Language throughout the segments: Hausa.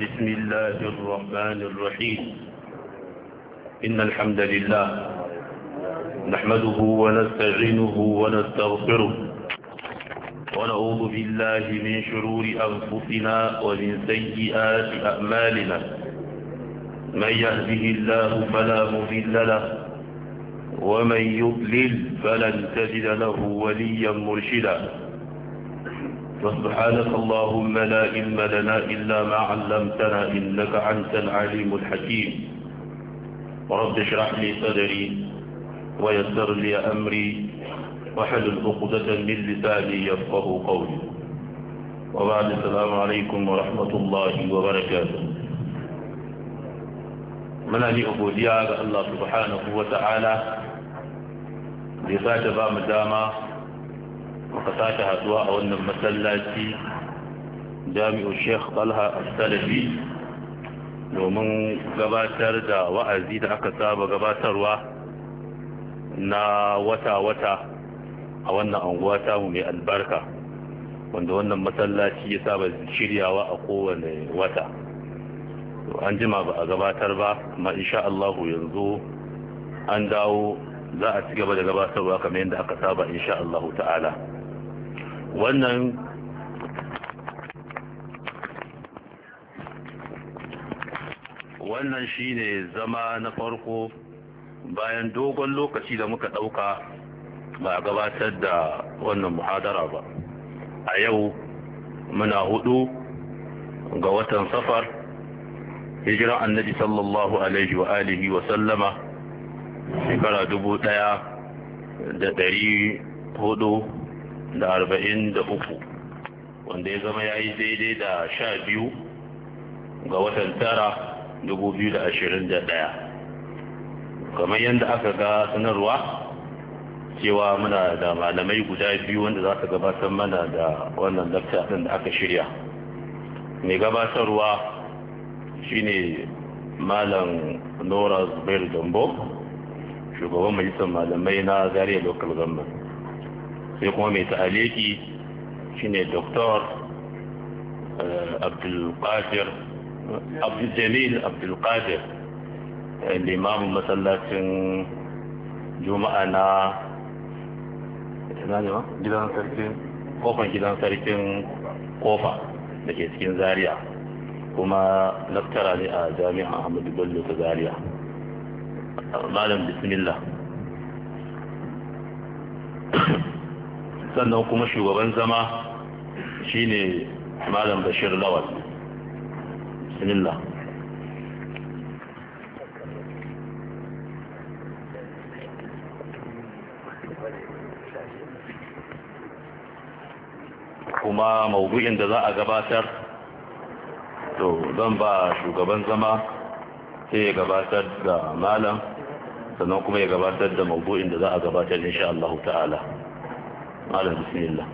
بسم الله الرحمن الرحيم إن الحمد لله نحمده ونستعينه ونستغفره ونعوذ بالله من شرور أنفسنا ومن سيئات أعمالنا من يهده الله فلا مضل له ومن يضلل فلن تجد له وليا مرشدا وسبحانك اللهم لا علم لنا إلا ما علمتنا إنك أنت العليم الحكيم ورب اشرح لي صدري ويسر لي أمري وحلل عقدة من لساني يفقه قولي وبعد السلام عليكم ورحمة الله وبركاته من ne godiya ga Allah subhanahu wa ta'ala ka sake haduwa a wannan masallaci jami'u sheikh talha al-salafi domin gabatar da wa'azi da aka saba gabatarwa na wata-wata a wannan anguwa tamu mai albarka wanda wannan masallaci ya saba shiryawa a kowane wata an jima ba a gabatar ba ma insha Allahu yanzu an dawo za a ci gaba da gabatarwa kamar yadda aka saba insha Allahu ta'ala wannan wannan ne zama na farko bayan dogon lokaci da muka ɗauka ba a gabatar da wannan muhadara ba a yau muna hudu ga watan safar hijira annabi sallallahu alaihi wa alihi wa sallama shekara dubu ɗaya da ɗari hudu da arba'in da uku wanda ya zama ya yi daidai da sha biyu ga watan tara dubu biyu da ashirin da ɗaya kamar yadda aka ga sanarwa cewa muna da malamai guda biyu wanda za su gabatar mana da wannan lafta ɗin da aka shirya mai gabatarwa shine malam nora zubair dambo shugaban majalisar malamai na zariya local government sai kuma mai ta'aliki shine doktor eh, abdulkadir abduljalil abdulkadir eh, limamin masallacin juma'a na gidan sarkin kofan gidan sarkin kofa da ke cikin zaria kuma laftara ne a jami'an ahmadu bello ta zaria malam bismillah sannan kuma shugaban zama shine malam bashir lawal sinilla kuma maudu'in da za a gabatar to zan ba shugaban zama sai ya gabatar da malam sannan kuma ya gabatar da maudu'in da za a gabatar insha Allah ta'ala malam bismillah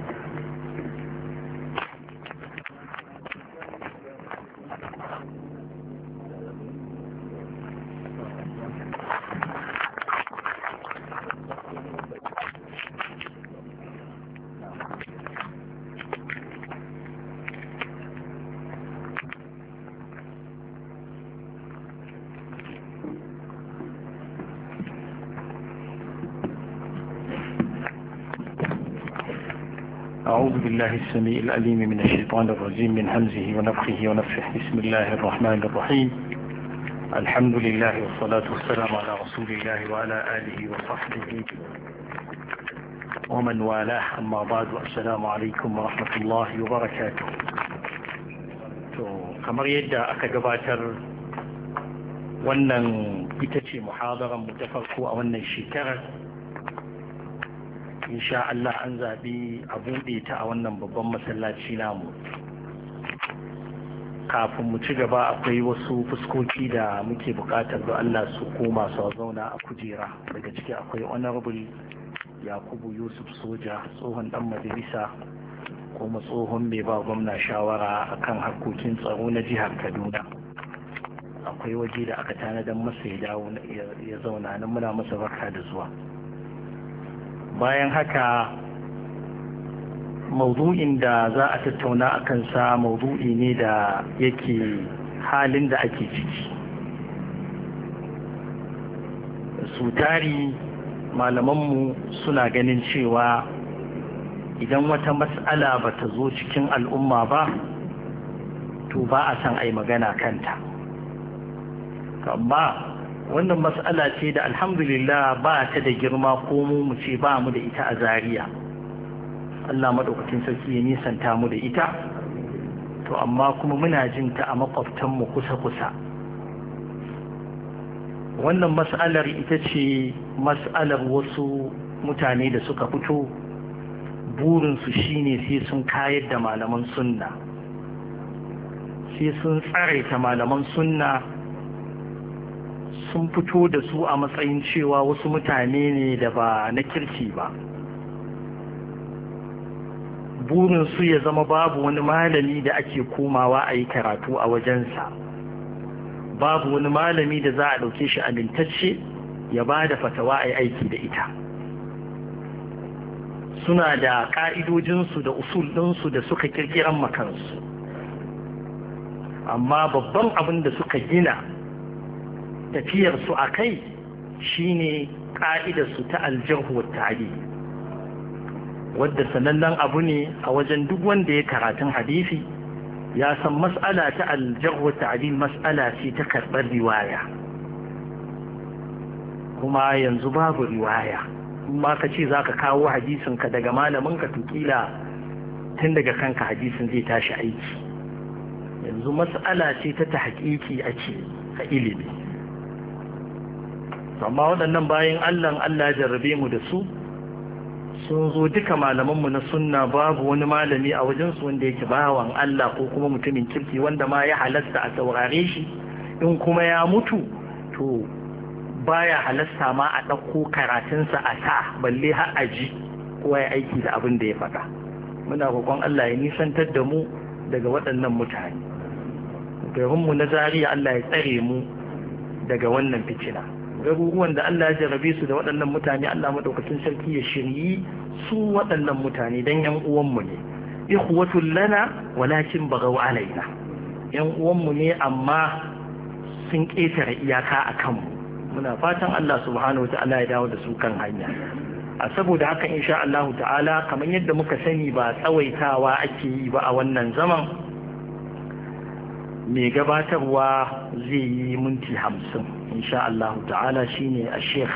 أعوذ بالله السميع الأليم من الشيطان الرجيم من همزه ونفخه ونفخه بسم الله الرحمن الرحيم الحمد لله والصلاة والسلام على رسول الله وعلى آله وصحبه ومن والاه أما بعد والسلام عليكم ورحمة الله وبركاته كما يدى aka gabatar wannan ita ce muhadarar mu insha Allah an zaɓi a buɗe ta a wannan babban masallaci namu kafin mu ci gaba akwai wasu fuskoki da muke buƙatar da Allah su koma su zauna a kujera daga ciki akwai honorable yakubu yusuf soja tsohon dan majalisa kuma tsohon mai ba gwamna shawara akan harkokin tsaro na jihar kaduna akwai waje da aka tanadar masa ya dawo ya zauna nan muna masa barka da zuwa bayan haka maudu'in da za a tattauna a kansa maudu'i ne da yake halin da ake ciki su tari malamanmu suna ganin cewa idan wata matsala ba ta zo cikin al'umma ba to ba a san ai magana kanta amma wannan matsala ce da alhamdulillah ba ta da girma ko mu ce ba mu da ita a zariya Allah maɗaukacin sarki ya nisanta mu da ita to amma kuma muna jin ta a mu kusa-kusa wannan mas'alar ita ce mas'alar wasu mutane da suka fito burinsu shine sai sun kayar da malaman sunna sai sun tsare ta malaman sunna sun fito da su a matsayin cewa wasu mutane ne da ba na kirki ba burin su ya zama babu wani malami da ake komawa a yi karatu a wajensa babu wani malami da za a ɗauke shi amintacce ya ba da fatawa a yi aiki da ita suna da ƙa'idojinsu da usul ɗinsu da suka kirkiran makansu amma babban abin da suka gina tafiyar su a kai shine ƙa'idar su ta aljarhu wa ta'ali wadda sanannen abu ne a wajen duk wanda ya karatun hadisi ya san mas'ala ta aljarhu wa ta'ali mas'ala ce ta karɓar riwaya kuma yanzu babu riwaya ma ka ce za ka kawo hadisinka daga malamin ka tukila tun daga kanka hadisin zai tashi aiki yanzu mas'ala ce ta ta haƙiƙi ce a ilimi amma waɗannan bayan allah allah jarrabe mu da su sun zo duka malamanmu na sunna babu wani malami a wajensu wanda yake bawan allah ko kuma mutumin kirki wanda ma ya halasta a saurare shi in kuma ya mutu to baya halasta ma a ɗauko karatunsa a sa balle har a ji kowa ya aiki da abin da ya faɗa muna roƙon allah ya nisantar da mu daga waɗannan mutane garinmu na zariya allah ya tsare mu daga wannan fitina garuruwan da Allah ya jarabe su da waɗannan mutane Allah madaukakin sarki ya shiryi su waɗannan mutane dan yan uwanmu ne ikhwatul lana walakin bagaw alaina yan uwanmu ne amma sun ƙetare iyaka a kanmu muna fatan Allah subhanahu wa ta'ala ya dawo da su kan hanya a saboda haka insha Allah ta'ala kamar yadda muka sani ba tsawaitawa ake yi ba a wannan zaman mai gabatarwa zai yi minti hamsin insha Allah ta'ala shine a sheikh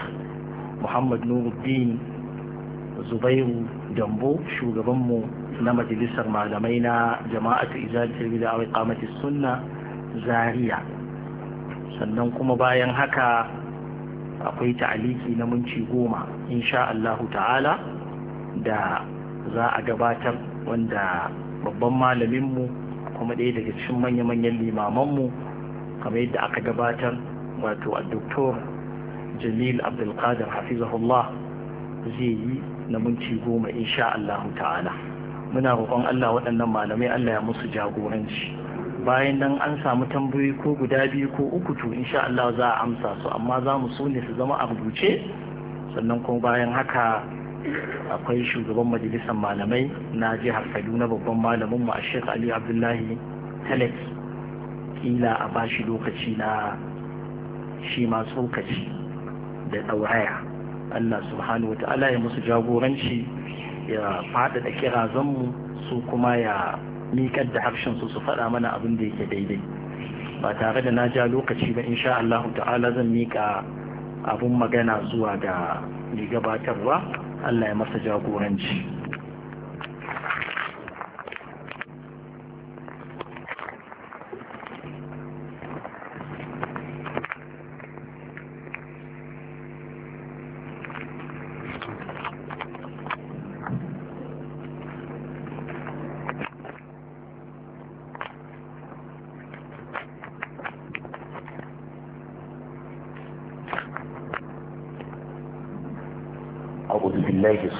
muhammad nuruddin zubairu dambo shugabanmu na majalisar malamai na jama'atu izalitar bida a kamati sunna zaria sannan kuma bayan haka akwai ta'aliki na minti goma insha Allah ta'ala da za a gabatar wanda babban malaminmu kuma ɗaya daga cikin manya-manyan limamanmu kamar yadda aka gabatar wato a doktor jamil abdulkadir hafizahullah zai yi na minti goma insha Allah ta'ala muna roƙon Allah waɗannan malamai Allah ya musu jagoranci bayan nan an samu tambayoyi ko guda biyu ko uku to insha Allah za a amsa su amma za mu so ne su zama a rubuce sannan kuma bayan haka akwai shugaban majalisar malamai na jihar kaduna babban malamin mu a shek ali abdullahi talek kila a bashi lokaci na shi ma tsokaci da ɗauraya allah subhanahu wa ta'ala ya musu jagoranci ya faɗaɗa kirazanmu su kuma ya miƙar da harshen su su faɗa mana abin da yake daidai ba tare da na ja lokaci ba insha allahu ta'ala zan miƙa abin magana zuwa ga mai gabatarwa Allah ya masa jagoranci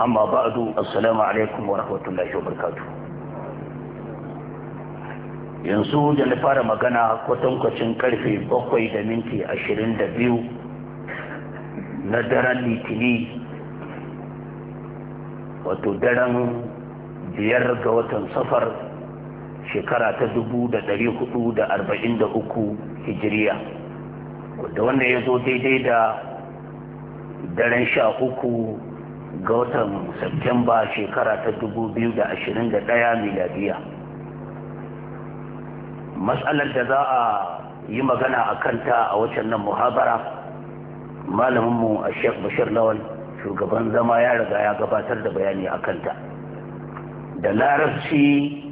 amma duk assalamu alaikum wa rahmatullahi wa barakatuh yanzu da na fara magana kwatankwacin karfe bakwai da minti ashirin da biyu na daren litini wato daren biyar ga watan safar shekara ta dubu da dari hudu da arba'in da uku hijiriya wadda wanda ya zo daidai da daren sha uku ga watan Septemba shekara ta 2021 miladiya. Matsalar da za a yi magana a kanta a wacan nan muhabara malaminmu a Sheikh Bashir Lawal shugaban zama ya riga ya gabatar da bayani a kanta. Da larabci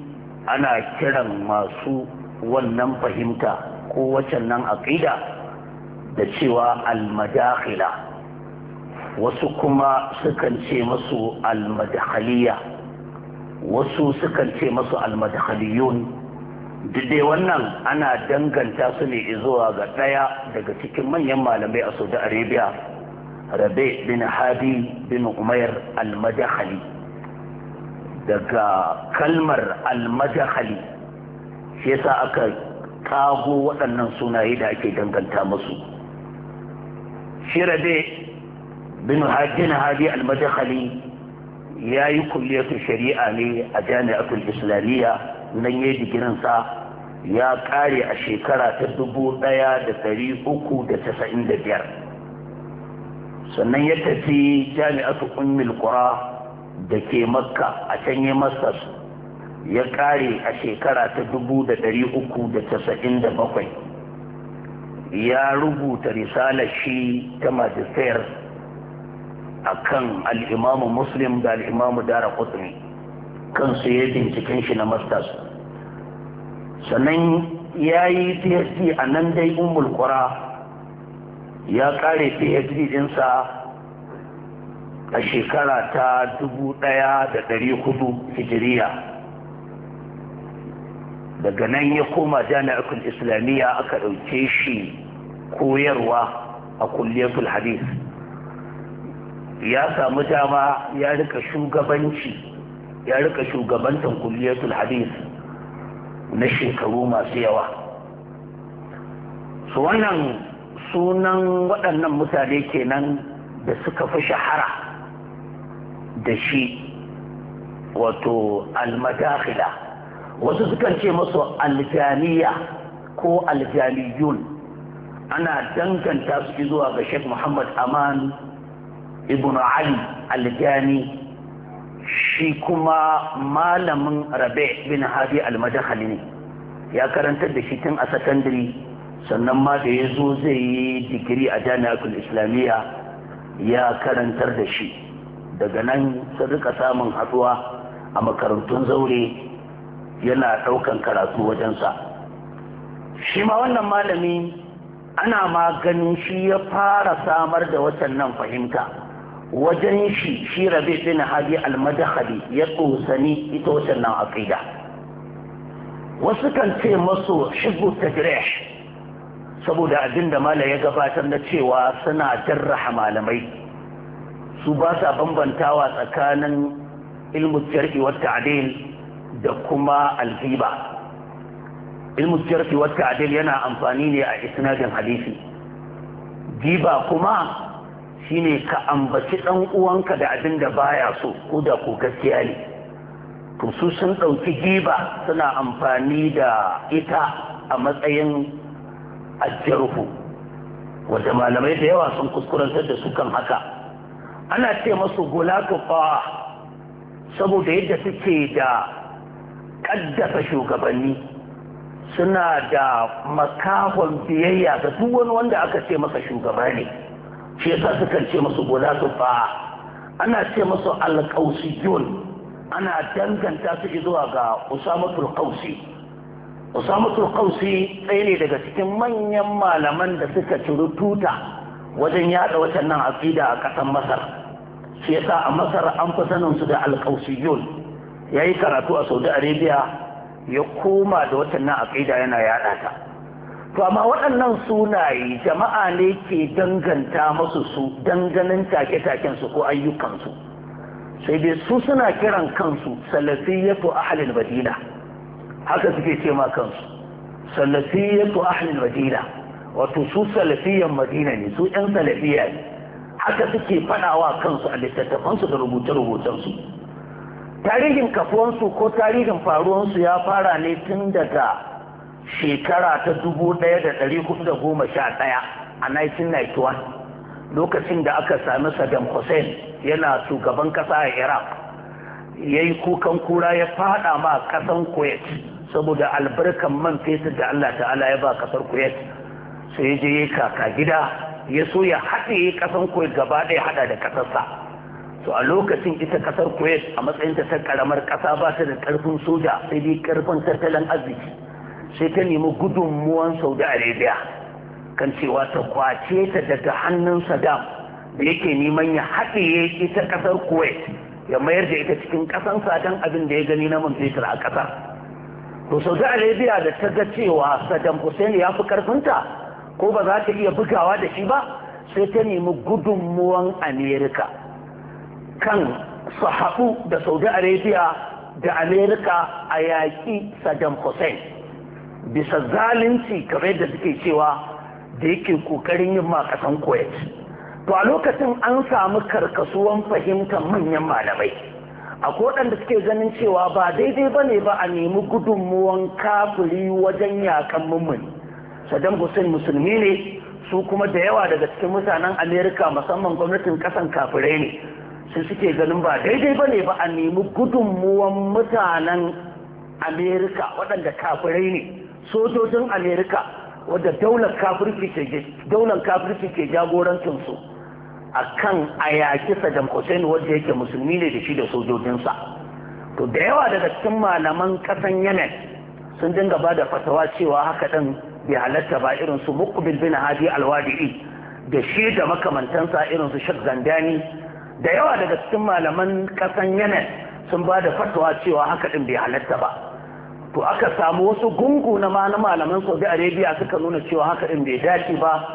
ana kiran masu wannan fahimta ko wacan nan aƙida da cewa almadakhila wasu kuma sukan ce masu almadhaliya wasu sukan ce masu almadhaliyun duk dai wannan ana danganta su ne zuwa ga ɗaya daga cikin manyan malamai a saudi arabia rabe bin hadi bin umair almadhali daga kalmar almadhali shi yasa aka kago waɗannan sunaye da ake danganta masu shi rabe bin hajjin hadi almadkhali ya yi kulliyatu shari'a ne a jami'atul islamiyya nan ya digirinsa ya kare a shekara ta dubu ɗaya da ɗari uku da casa'in da biyar sannan ya tafi jami'atu ummil qura da ke makka a can ya masters ya kare a shekara ta dubu da dari uku da casa'in da bakwai ya rubuta risalar shi ta majistayar akan al'imamu muslim da al'imamu dara kan kansu ya binciken shi na masters sannan ya yi phd a nan dai umul ya kare phd dinsa a shekara ta 1400 hijiriya daga nan ya koma jami'akul islamiyya aka ɗauke shi koyarwa a kulliyatul hadith ya samu dama ya rika shugabanci ya rika shugabantan kulliyatul hadis na shekaru masu yawa su wannan sunan waɗannan mutane kenan da suka fi shahara da shi wato almadakhila wasu sukan ce masu aljaniya ko aljaniyun ana danganta su zuwa ga sheikh muhammad aman ibn ali al-jani shi kuma malamin rabe bin hadi al ne ya karantar da shi tun a sakandare sannan ma da ya zo zai yi digiri a jami'atul islamiyya ya karantar da shi daga nan sun rika samun haduwa a makarantun zaure yana ɗaukan karatu wajensa shi ma wannan malami ana ma ganin shi ya fara samar da watan nan fahimta wajen shi shi rabi bin hadi al ya kusani ita wannan aqida wasu kan ce masu shibu tajrih saboda abin da mala ya gabatar na cewa suna jarraha malamai su ba sa bambantawa tsakanin ilmu jar'i wa ta'dil da kuma alhiba ilmu jar'i wa ta'dil yana amfani ne a isnadin hadisi giba kuma shine ka ambaci ɗan uwanka da abin da baya so ko da ko gaskiya ne to su sun ɗauki giba suna amfani da ita a matsayin ajarhu wanda malamai da yawa sun kuskuranta da su kan haka ana ce masu gulatu fa saboda yadda suke da ƙaddasa shugabanni suna da makahon biyayya ga duk wani wanda aka ce masa shugaba ne shi yasa sukan ce masu guda su fa ana ce masu alƙausiyun ana danganta su zuwa ga usamatul qausi usamatul qausi ɗaya ne daga cikin manyan malaman da suka ciri tuta wajen yada watannan aƙida a ƙasar masar shi yasa a masar an fi sanin su da Ya yayi karatu a saudi arabia ya koma da watannan aƙida yana yaɗa ta to amma waɗannan sunaye jama'a ne ke danganta masu su danganin take-taken su ko ayyukansu sai dai su suna kiran kansu salafiyatu ahlul madina haka suke ce ma kansu salafiyatu ahlul madina wato su salafiyan madina ne su ƴan salafiya ne haka suke faɗawa kansu a littattafansu da rubuce-rubucensu tarihin kafuwansu ko tarihin faruwansu ya fara ne tun daga shekara ta dubu ɗaya da ɗari hudu da goma sha ɗaya a 1991 lokacin da aka sami Saddam Hussein yana shugaban ƙasa a Iraq ya yi kukan kura ya fada ma ƙasan Kuwait saboda albarkan man fetur da Allah ta'ala ya ba ƙasar Kuwait sai ya je ya kaka gida ya so ya haɗe ƙasan Kuwait gaba ɗaya haɗa da ƙasarsa to a lokacin ita ƙasar Kuwait a matsayinta ta ƙaramar ƙasa ba ta da ƙarfin soja sai dai ƙarfin tattalin arziki sai ta nemi gudunmuwan saudi arabia kan cewa ta kwace ta daga hannun saddam da yake neman ya haɗiye ita ƙasar kuwait ya mayar da ita cikin ƙasan don abin da ya gani na man fetur a ƙasa to saudi arabia da ta ga cewa saddam hussein ya fi ƙarfinta ko ba za ta iya bugawa da shi ba sai ta nemi gudunmuwan amerika kan su haɗu da saudi arabia da amerika a yaƙi saddam hussein bisa zalunci kamar da suke cewa da yake kokarin yin makasan kasan koyat to a lokacin an samu karkasuwan fahimtar manyan malamai a kodan da suke ganin cewa ba daidai ba ne ba a nemi gudunmuwan kafiri wajen yakan mummuni saddam hussein musulmi ne su kuma da yawa daga cikin mutanen amerika musamman gwamnatin ƙasan kafirai ne su suke ganin ba daidai ba ne ba a nemi gudunmuwan mutanen amerika waɗanda kafirai ne sojojin amerika wadda daular kafirci ke jagorancin su akan a da saddam hussein wadda yake musulmi ne da shi da sojojinsa to da yawa daga cikin malaman kasan yemen sun dinga bada da fatawa cewa haka ɗin bai halatta ba irin su muqbil bin hadi alwadi'i da shi da makamantansa irin su shak zandani da yawa daga cikin malaman kasan yemen sun ba da fatawa cewa haka ɗin bai halatta ba to aka samu wasu gungu na malaman saudi arabia suka nuna cewa haka ɗin bai dace ba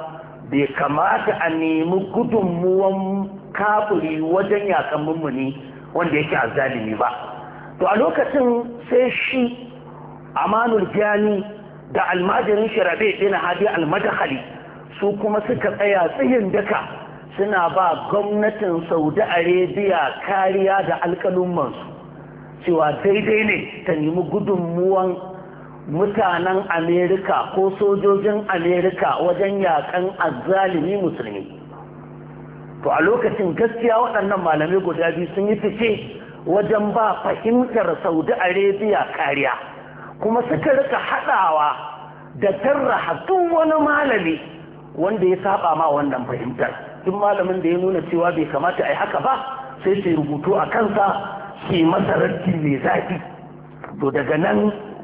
bai kamata a nemi gudunmuwan kafuri wajen yakan mummuni wanda yake azalimi ba to a lokacin sai shi amanul jani da almajirin shirabe ɗin hadi almadakali su kuma suka tsaya tsayin daka suna ba gwamnatin saudi arabia kariya da alƙalummansu cewa daidai ne ta nemi gudunmuwan mutanen amerika ko sojojin amerika wajen yakan azzalimi musulmi to a lokacin gaskiya waɗannan malamai guda biyu sun yi fice wajen ba fahimtar saudi arabia kariya kuma suka rika haɗawa da tarra duk wani malami wanda ya saba ma wannan fahimtar duk malamin da ya nuna cewa bai kamata a yi haka ba sai sai rubutu a kansa ke masa mai zafi to daga nan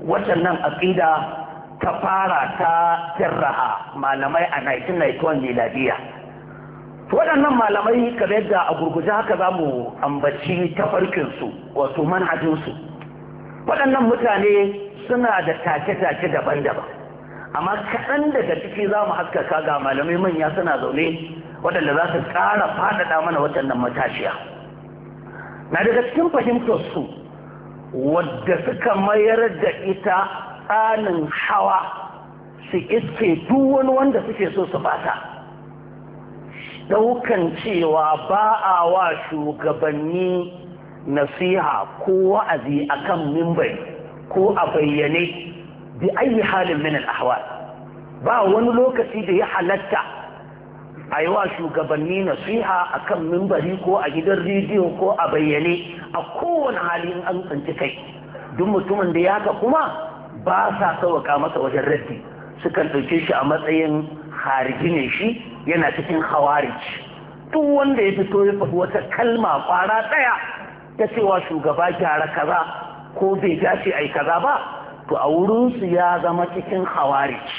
waɗannan aƙida ta fara ta jarraha malamai a 1991 miladiya waɗannan malamai kamar yadda a gurguje haka za mu ambaci tafarkinsu wato manhajinsu waɗannan mutane suna da take-take daban-daban amma kaɗan daga ciki za mu haskaka ga malamai manya suna zaune waɗanda za su ƙara faɗaɗa mana waɗannan matashiya na daga cikin su wadda suka mayar da ita tsanin hawa su iske duk wanda suke so su bata daukan cewa ba a wa shugabanni nasiha ko wa'azi kan mimbari ko a bayyane da ayi halin ahwal ba wani lokaci da ya halatta a yi wa shugabanni nasiha a kan mimbari ko a gidan rediyo ko a bayyane a kowane hali in an tsanci kai duk mutumin da ya ka kuma ba sa sauƙa masa wajen raddi sukan ɗauke shi a matsayin hariji ne shi yana cikin hawarij duk wanda ya fito ya faɗi wata kalma kwara ɗaya ta cewa shugaba gyara kaza ko bai dace ai kaza ba to a wurinsu ya zama cikin hawarij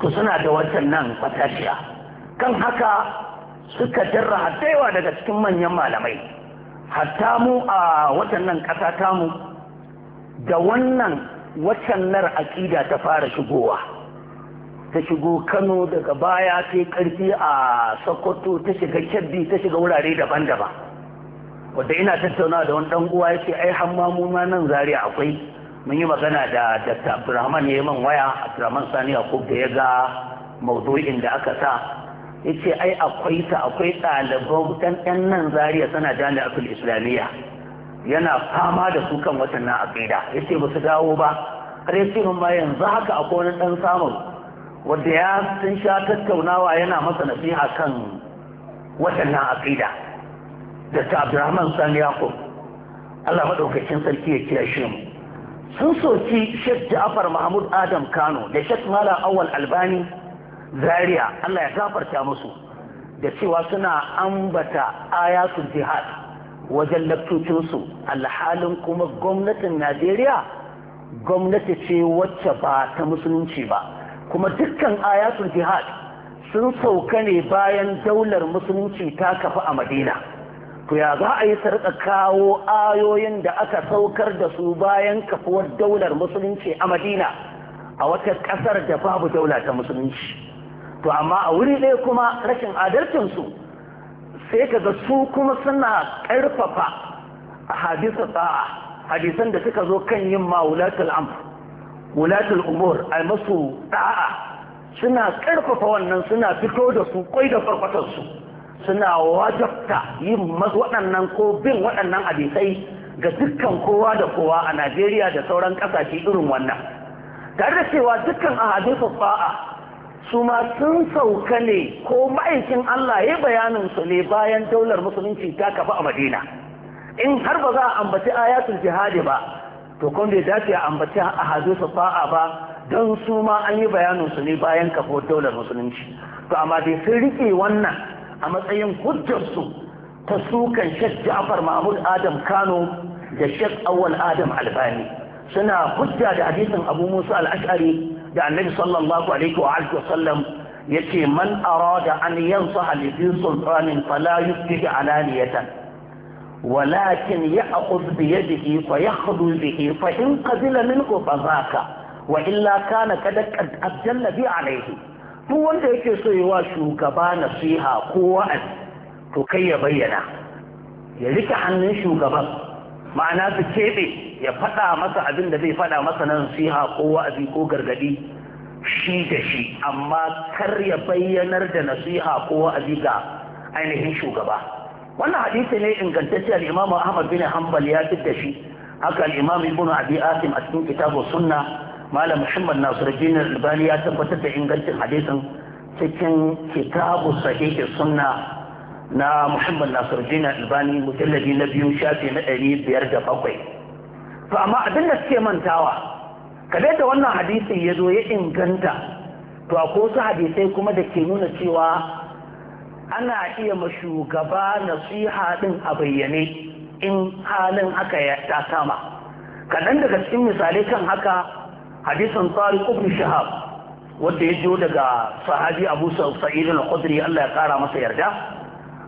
to suna da watan nan kwataciya kan haka suka jarra yawa daga cikin manyan malamai hatta mu a watannan kasa tamu da wannan nar aƙida ta fara shigowa ta shigo kano daga baya sai karfi a sokoto ta shiga Kebbi ta shiga wurare daban-daban Wanda ina tattaunawa da wani dan uwa yake ce ai hammamu ma nan zaria akwai mun yi magana da dr abdulrahman ya man waya abdulrahman sani yakub da ya ga maudu'in da aka sa ya ce ai akwai ta akwai ɗaliban ɗan nan zariya sana jami'atul islamiyya yana fama da su kan watannan aƙida ya ce ba su dawo ba har ya ce ma yanzu haka a wani ɗan samun wanda ya sun sha tattaunawa yana masa nasiha kan watannan aƙida da ta abdurrahman sani yakub allah maɗaukakin sarki ya kira shi mu sun soki shek jafar mahmud adam kano da shek malam awal albani zaria Allah ya gafarta musu da cewa suna ambata ayatul jihad wajen laktocinsu alhalin kuma gwamnatin najeriya gwamnati ce wacce ba ta musulunci ba kuma dukkan ayatul jihad sun sauka ne bayan daular musulunci ta kafa a madina to ya za a yi sarka kawo ayoyin da aka saukar da su bayan kafuwar daular musulunci a madina a wata ƙasar da babu daula ta musulunci to amma a wuri ɗaya kuma rashin adalcinsu sai ka ga su kuma suna ƙarfafa a hadisa sa'a hadisan da suka zo kan yin ma wulatul amf wulatul umur a masu ɗa'a suna ƙarfafa wannan suna fito da su kwai da farfatarsu suna wajabta yin masu waɗannan ko bin waɗannan hadisai ga dukkan kowa da kowa a najeriya da sauran ƙasashe irin wannan tare da cewa dukkan a hadisa tsa'a su ma sun sauka ne ko ma'aikin Allah ya bayanin su ne bayan daular musulunci ta kafa a Madina in har ba za a ambaci ayatul jihadi ba to kun bai dace a ambaci a su fa'a ba don su ma an yi bayanin su ne bayan kafa daular musulunci to amma dai sun rike wannan a matsayin hujjar ta sukan Sheikh Ja'far Mahmud Adam Kano da Sheikh Awwal Adam Albani suna hujja da hadisin Abu Musa al-Ash'ari da annabi sallallahu alaihi wa alihi wasallam yace man arada an yansaha li dhi sultanin fala yufti alaniyatan ولكن يأخذ بيده فيخذ به فإن قبل منه فذاك وإلا كان قد أجل بي عليه duk wanda yake so yi wa shugaba nasiha ko wa'azi to kai ya bayyana ya rike hannun shugaban ma'ana su keɓe ya faɗa masa abin da zai faɗa masa nan siha ko wa'azi ko gargaɗi shi da shi amma kar ya bayyanar da nasiha ko wa'azi ga ainihin shugaba wannan hadisi ne ingantacce al Ahmad bin Hanbal ya da shi haka al-Imam Ibn Abi Asim a cikin kitabu Sunna Malam Muhammad Nasiruddin Albani ya tabbatar da ingancin hadisin cikin kitabu Sahih Sunna na muhammad Nasir nasiruddin albani mujalladi na biyu shafi na ɗari biyar da bakwai to amma abin da suke mantawa kada da wannan hadisi ya zo ya inganta to a su hadisai kuma da ke nuna cewa ana iya mashugaba nasiha din a bayyane in halin haka ya ta kama kaɗan daga cikin misalai kan haka hadisin Sari ibn shahab wanda ya jo daga sahabi abu sa'id al-khudri Allah ya kara masa yarda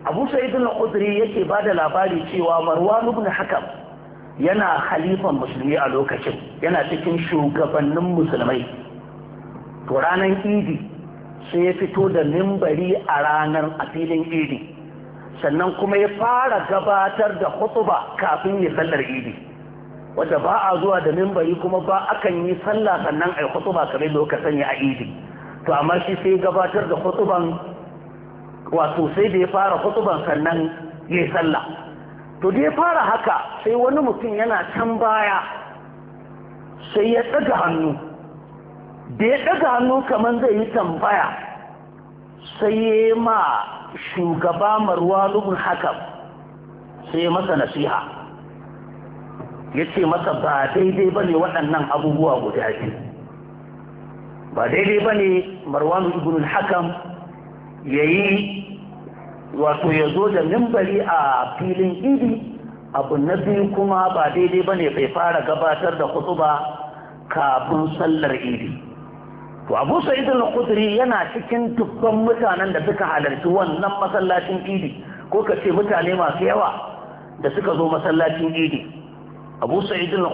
abu sa'id al-khudri yake da labari cewa marwan ibn hakam yana khalifan musulmi a lokacin yana cikin shugabannin musulmai to ranar idi sai ya fito da mimbari a ranar a filin idi sannan kuma ya fara gabatar da hutuba kafin ya sallar idi wadda ba a zuwa da mimbari kuma ba akan yi sallah sannan a yi hutuba kamar lokacin ya a idi to amma shi sai gabatar da hutuban wato sai da ya fara hutuban sannan ya yi sallah to da ya fara haka sai wani mutum yana can baya sai ya ɗaga hannu da ya ɗaga hannu kamar zai yi tambaya sai ya ma shugaba marwalubun hakan sai masa nasiha ya ce masa ba daidai ba ne waɗannan abubuwa gudaji ba daidai ba ne marwanu ibn hakan ya yi wato ya zo da mimbari a filin idi abu na biyu kuma ba daidai ba ne bai fara gabatar da kutu ba kafin sallar idi to abu sa'id al yana cikin dubban mutanen da suka halarci wannan masallacin idi ko ka ce mutane masu yawa da suka zo masallacin idi abu sa'id al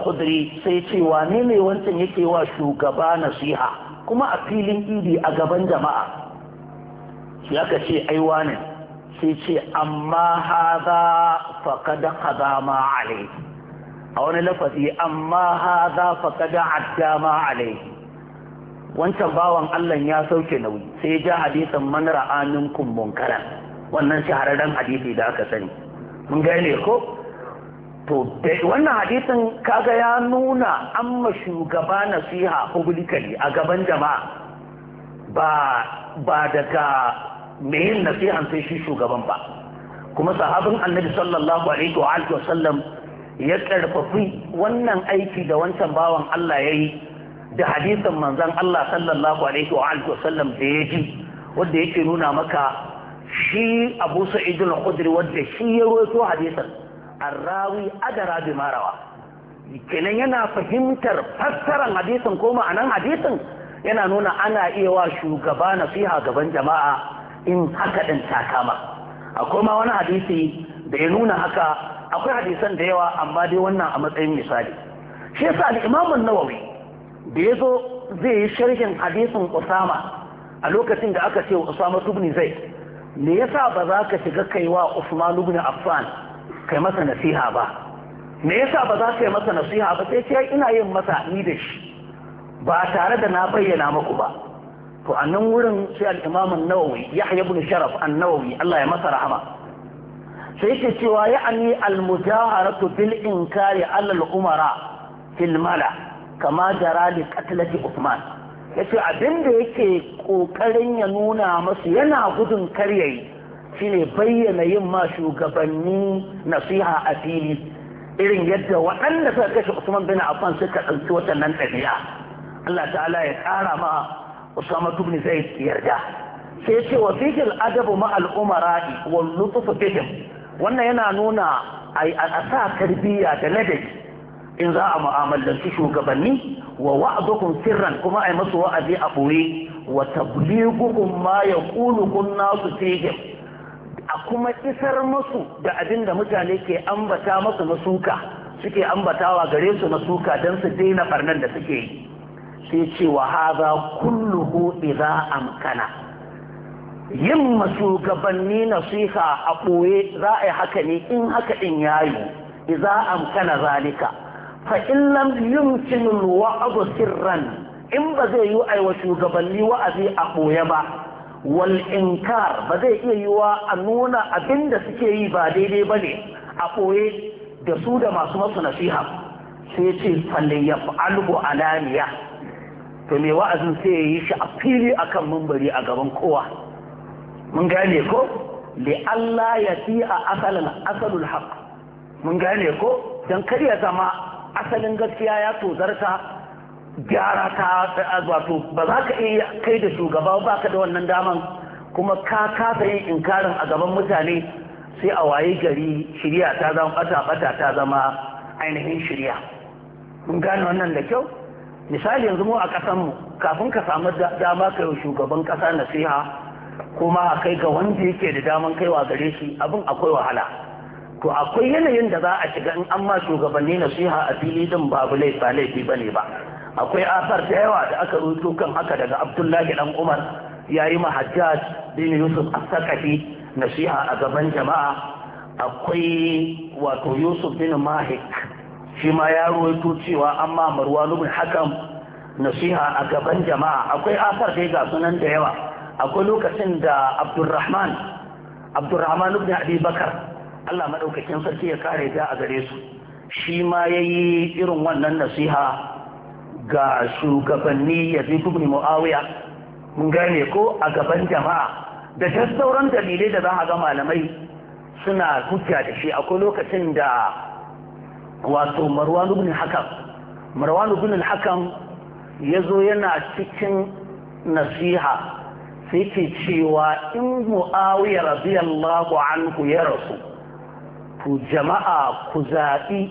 sai ce wane ne wancan yake wa shugaba nasiha kuma a filin idi a gaban jama'a ya ka ce aiwa ne sai ce amma haza faƙad haza ma alai a wani lafazi amma haza da adda ma alai wancan bawan Allah ya sauke nauyi sai ya ja hadisan man ra'a kumbun karan wannan shahararren hadisi da aka sani mun gane ko to wannan hadisin kaga ya nuna amma shugaba nasiha publicly a gaban jama'a ba ba daga mai yin nasihan sai shi shugaban ba kuma sahabin annabi sallallahu alaihi wa alihi wasallam ya karfafi wannan aiki da wancan bawan Allah yayi da hadisin manzon Allah sallallahu alaihi wa alihi wasallam da ya ji wanda yake nuna maka shi Abu Sa'id al-Khudri wanda shi ya rawaito hadisin arrawi adara bi marawa kenan yana fahimtar fassaran hadisin ko ma'anan hadisin yana nuna ana iya wa shugaba nasiha gaban jama'a in haka ɗin ta kama akwai ma wani hadisi da ya nuna haka akwai hadisan da yawa amma dai wannan a matsayin misali shi yasa al-Imam nawawi da yazo zai yi sharhin hadisin Usama a lokacin da aka ce Usama ibn zai. me yasa ba za ka shiga kai wa Usman ibn Affan kai masa nasiha ba me yasa ba za ka yi masa nasiha ba sai ce ina yin masa ni da shi ba tare da na bayyana muku ba to a nan wurin sai al-imam an-nawawi yahya sharaf an-nawawi Allah ya masa rahama sai yake cewa ya'ani al-mujaharatu bil in kare alal umara fil mala kama jara li qatlati usman yace abinda yake kokarin ya nuna masu yana gudun karyayi shine bayyana yin ma shugabanni nasiha a fili irin yadda waɗanda suka kashe Usman bin Affan suka ɗauki nan ɗabi'a Allah ta'ala ya ƙara ma usama zai zai yarda sai ce wa fihi adabu ma al-umara'i wal bihim wannan yana nuna a sa tarbiyya da ladabi in za a mu'amalanci shugabanni wa wa'adukum sirran kuma ai masu wa'azi a boye wa tablighukum ma yaqulu kun nasu fihim a kuma isar musu da abin da mutane ke ambata masu na suka suke ambatawa gare su na suka don su daina barnan da suke yi sai ce wa haza kulluhu idza amkana yin shugabanni nasiha a ɓoye za a yi haka ne in haka ɗin yayi idza amkana zalika fa in lam yumkin wa'adu sirran in ba zai yi aiwa shugabanni wa'azi a ɓoye ba wal inkar ba zai iya yi wa a nuna abin suke yi ba daidai ba ne a ɓoye da su da masu masu nasiha sai ce falle ya a alaniya to mai wa'azin sai ya yi shi a fili a kan mambari a gaban kowa mun gane ko li Allah ya fi a asalin asalul haq mun gane ko don kar ya zama asalin gaskiya ya tozarta gyara ta wato ba za ka iya kai da shugaba ba ka da wannan daman kuma ka kasa yin inkarin a gaban mutane sai a waye gari shirya ta zama bata bata ta zama ainihin shirya mun gane wannan da kyau misali yanzu mu a ƙasanmu kafin ka samu dama kai shugaban ƙasa nasiha kuma kai ga wanda yake da daman kaiwa gare shi abin akwai wahala to akwai yanayin da za a shiga in an ma shugabanni nasiha a fili din babu laifi ba laifi bane ba akwai asar da yawa da aka rubuto kan haka daga Abdullahi dan Umar yayi ma Hajjaj bin Yusuf as nasiha a gaban jama'a akwai wato Yusuf bin Mahik shi ma ya ruwaito cewa an ma marwanu hakan nasiha a gaban jama'a akwai asar dai ga sunan da yawa akwai lokacin da abdurrahman abdurrahman Lubin abi bakar Allah maɗaukakin sarki ya kare ta a gare su shi ma ya yi irin wannan nasiha ga shugabanni ya zai kubni mu'awiya mun gane ko a gaban jama'a da ta sauran dalilai da za a ga malamai suna hujja da shi akwai lokacin da wato marwan ibn hakan marwan ibn hakan ya zo yana cikin nasiha sai ke cewa in mu'awiyar radiyallahu anhu ya rasu ku jama'a ku zaɓi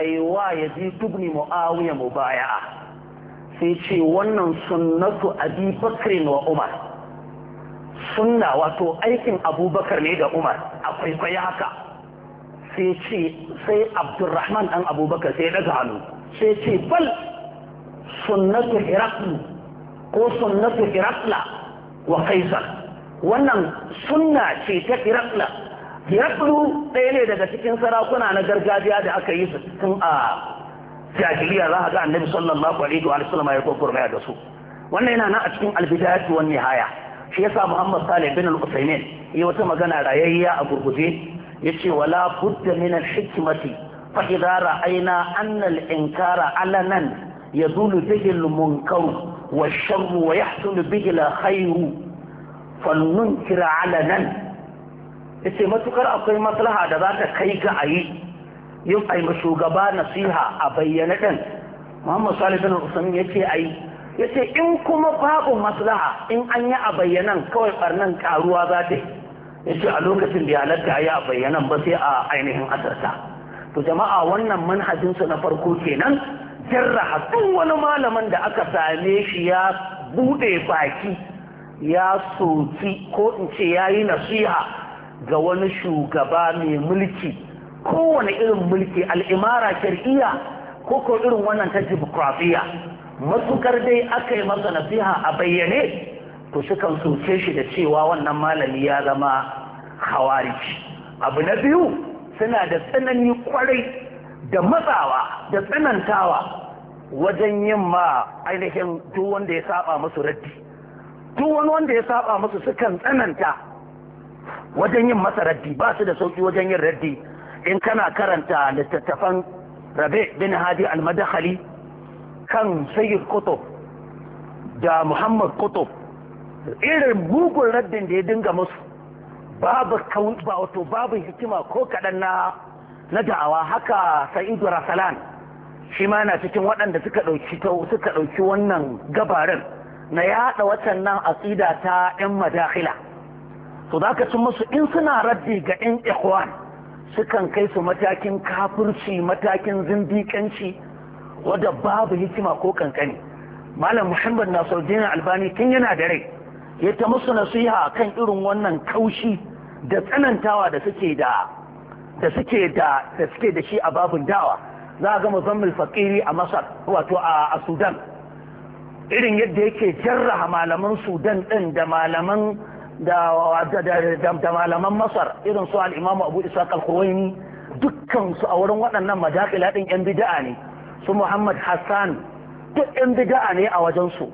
aiwa ya ji dubni mu'awiyar mu sai ce wannan sunnatu abi wa umar sunna wato aikin abubakar ne da umar akwai kwaya haka sai ce sai abdurrahman ɗan abubakar sai daga hannu sai ce bal sunnatu hiraklu ko sunnatu hirakla wa kaisar wannan sunna ce ta hirakla hiraklu ɗaya ne daga cikin sarakuna na gargajiya da aka yi su cikin a jahiliya za a ga annabi sallallahu alaihi wa sallam ya kokurmaya da su wannan yana nan a cikin albidayatu wani haya shi yasa muhammad salih bin al-usaimin yi wata magana rayayya a gurguje yace wala budda min al-hikmati fa idza ra'ayna anna al-inkara alanan yazulu bihi al-munkar والشر ويحصل به الخير فلننكر علنا yace matukar akwai maslaha da za kai ga ayi yin ai shugaba nasiha a bayyana din Muhammad Salih bin Usman yace ai yace in kuma babu maslaha in an yi a bayyanan kawai barnan karuwa za ta yi ce a lokacin da ya halatta ya a bayyana ba sai a ainihin asarta to jama'a wannan manhajin su na farko kenan jarraha duk wani malamin da aka same shi ya bude baki ya soki ko in ce yayi nasiha ga wani shugaba mai mulki kowane irin mulki al'imara shari'iyya ko ko irin wannan ta dimokuraɗiyya matukar dai aka yi masa nasiha a bayyane to sukan soke shi da cewa wannan malami ya zama hawarici abu na biyu suna da tsanani kwarai da matsawa da tsanantawa wajen yin ma ainihin duk wanda ya saba musu raddi duk wani wanda ya saba musu sukan tsananta wajen yin masa raddi ba su da sauki wajen yin raddi in kana karanta littattafan rabe bin hadi al-madakhali kan sayyid kutub da muhammad kutub irin mugun raddin da ya dinga musu babu ba wato babu hikima ko kaɗan na na da'awa haka sa'idu rasalan shi ma yana cikin waɗanda suka ɗauki suka ɗauki wannan gabarin na yaɗa watannan aƙida ta 'yan madakhila to za ka cin musu in suna raddi ga 'yan ikhwan sukan kai su matakin kafirci matakin zindiƙanci wadda babu hikima ko kankani malam muhammad nasiruddin albani tun yana da rai ya ta musu nasiha kan irin wannan kaushi da tsanantawa da suke da da suke da da suke da shi a babun dawa za ga muzammil fakiri a masar wato a sudan irin yadda yake jarraha malaman sudan din da malaman da malaman masar irin su al'imamu abu isa kalkurwaini dukkan su a wurin waɗannan madakila ɗin yan bida'a ne su muhammad hassan duk yan bida'a ne a wajensu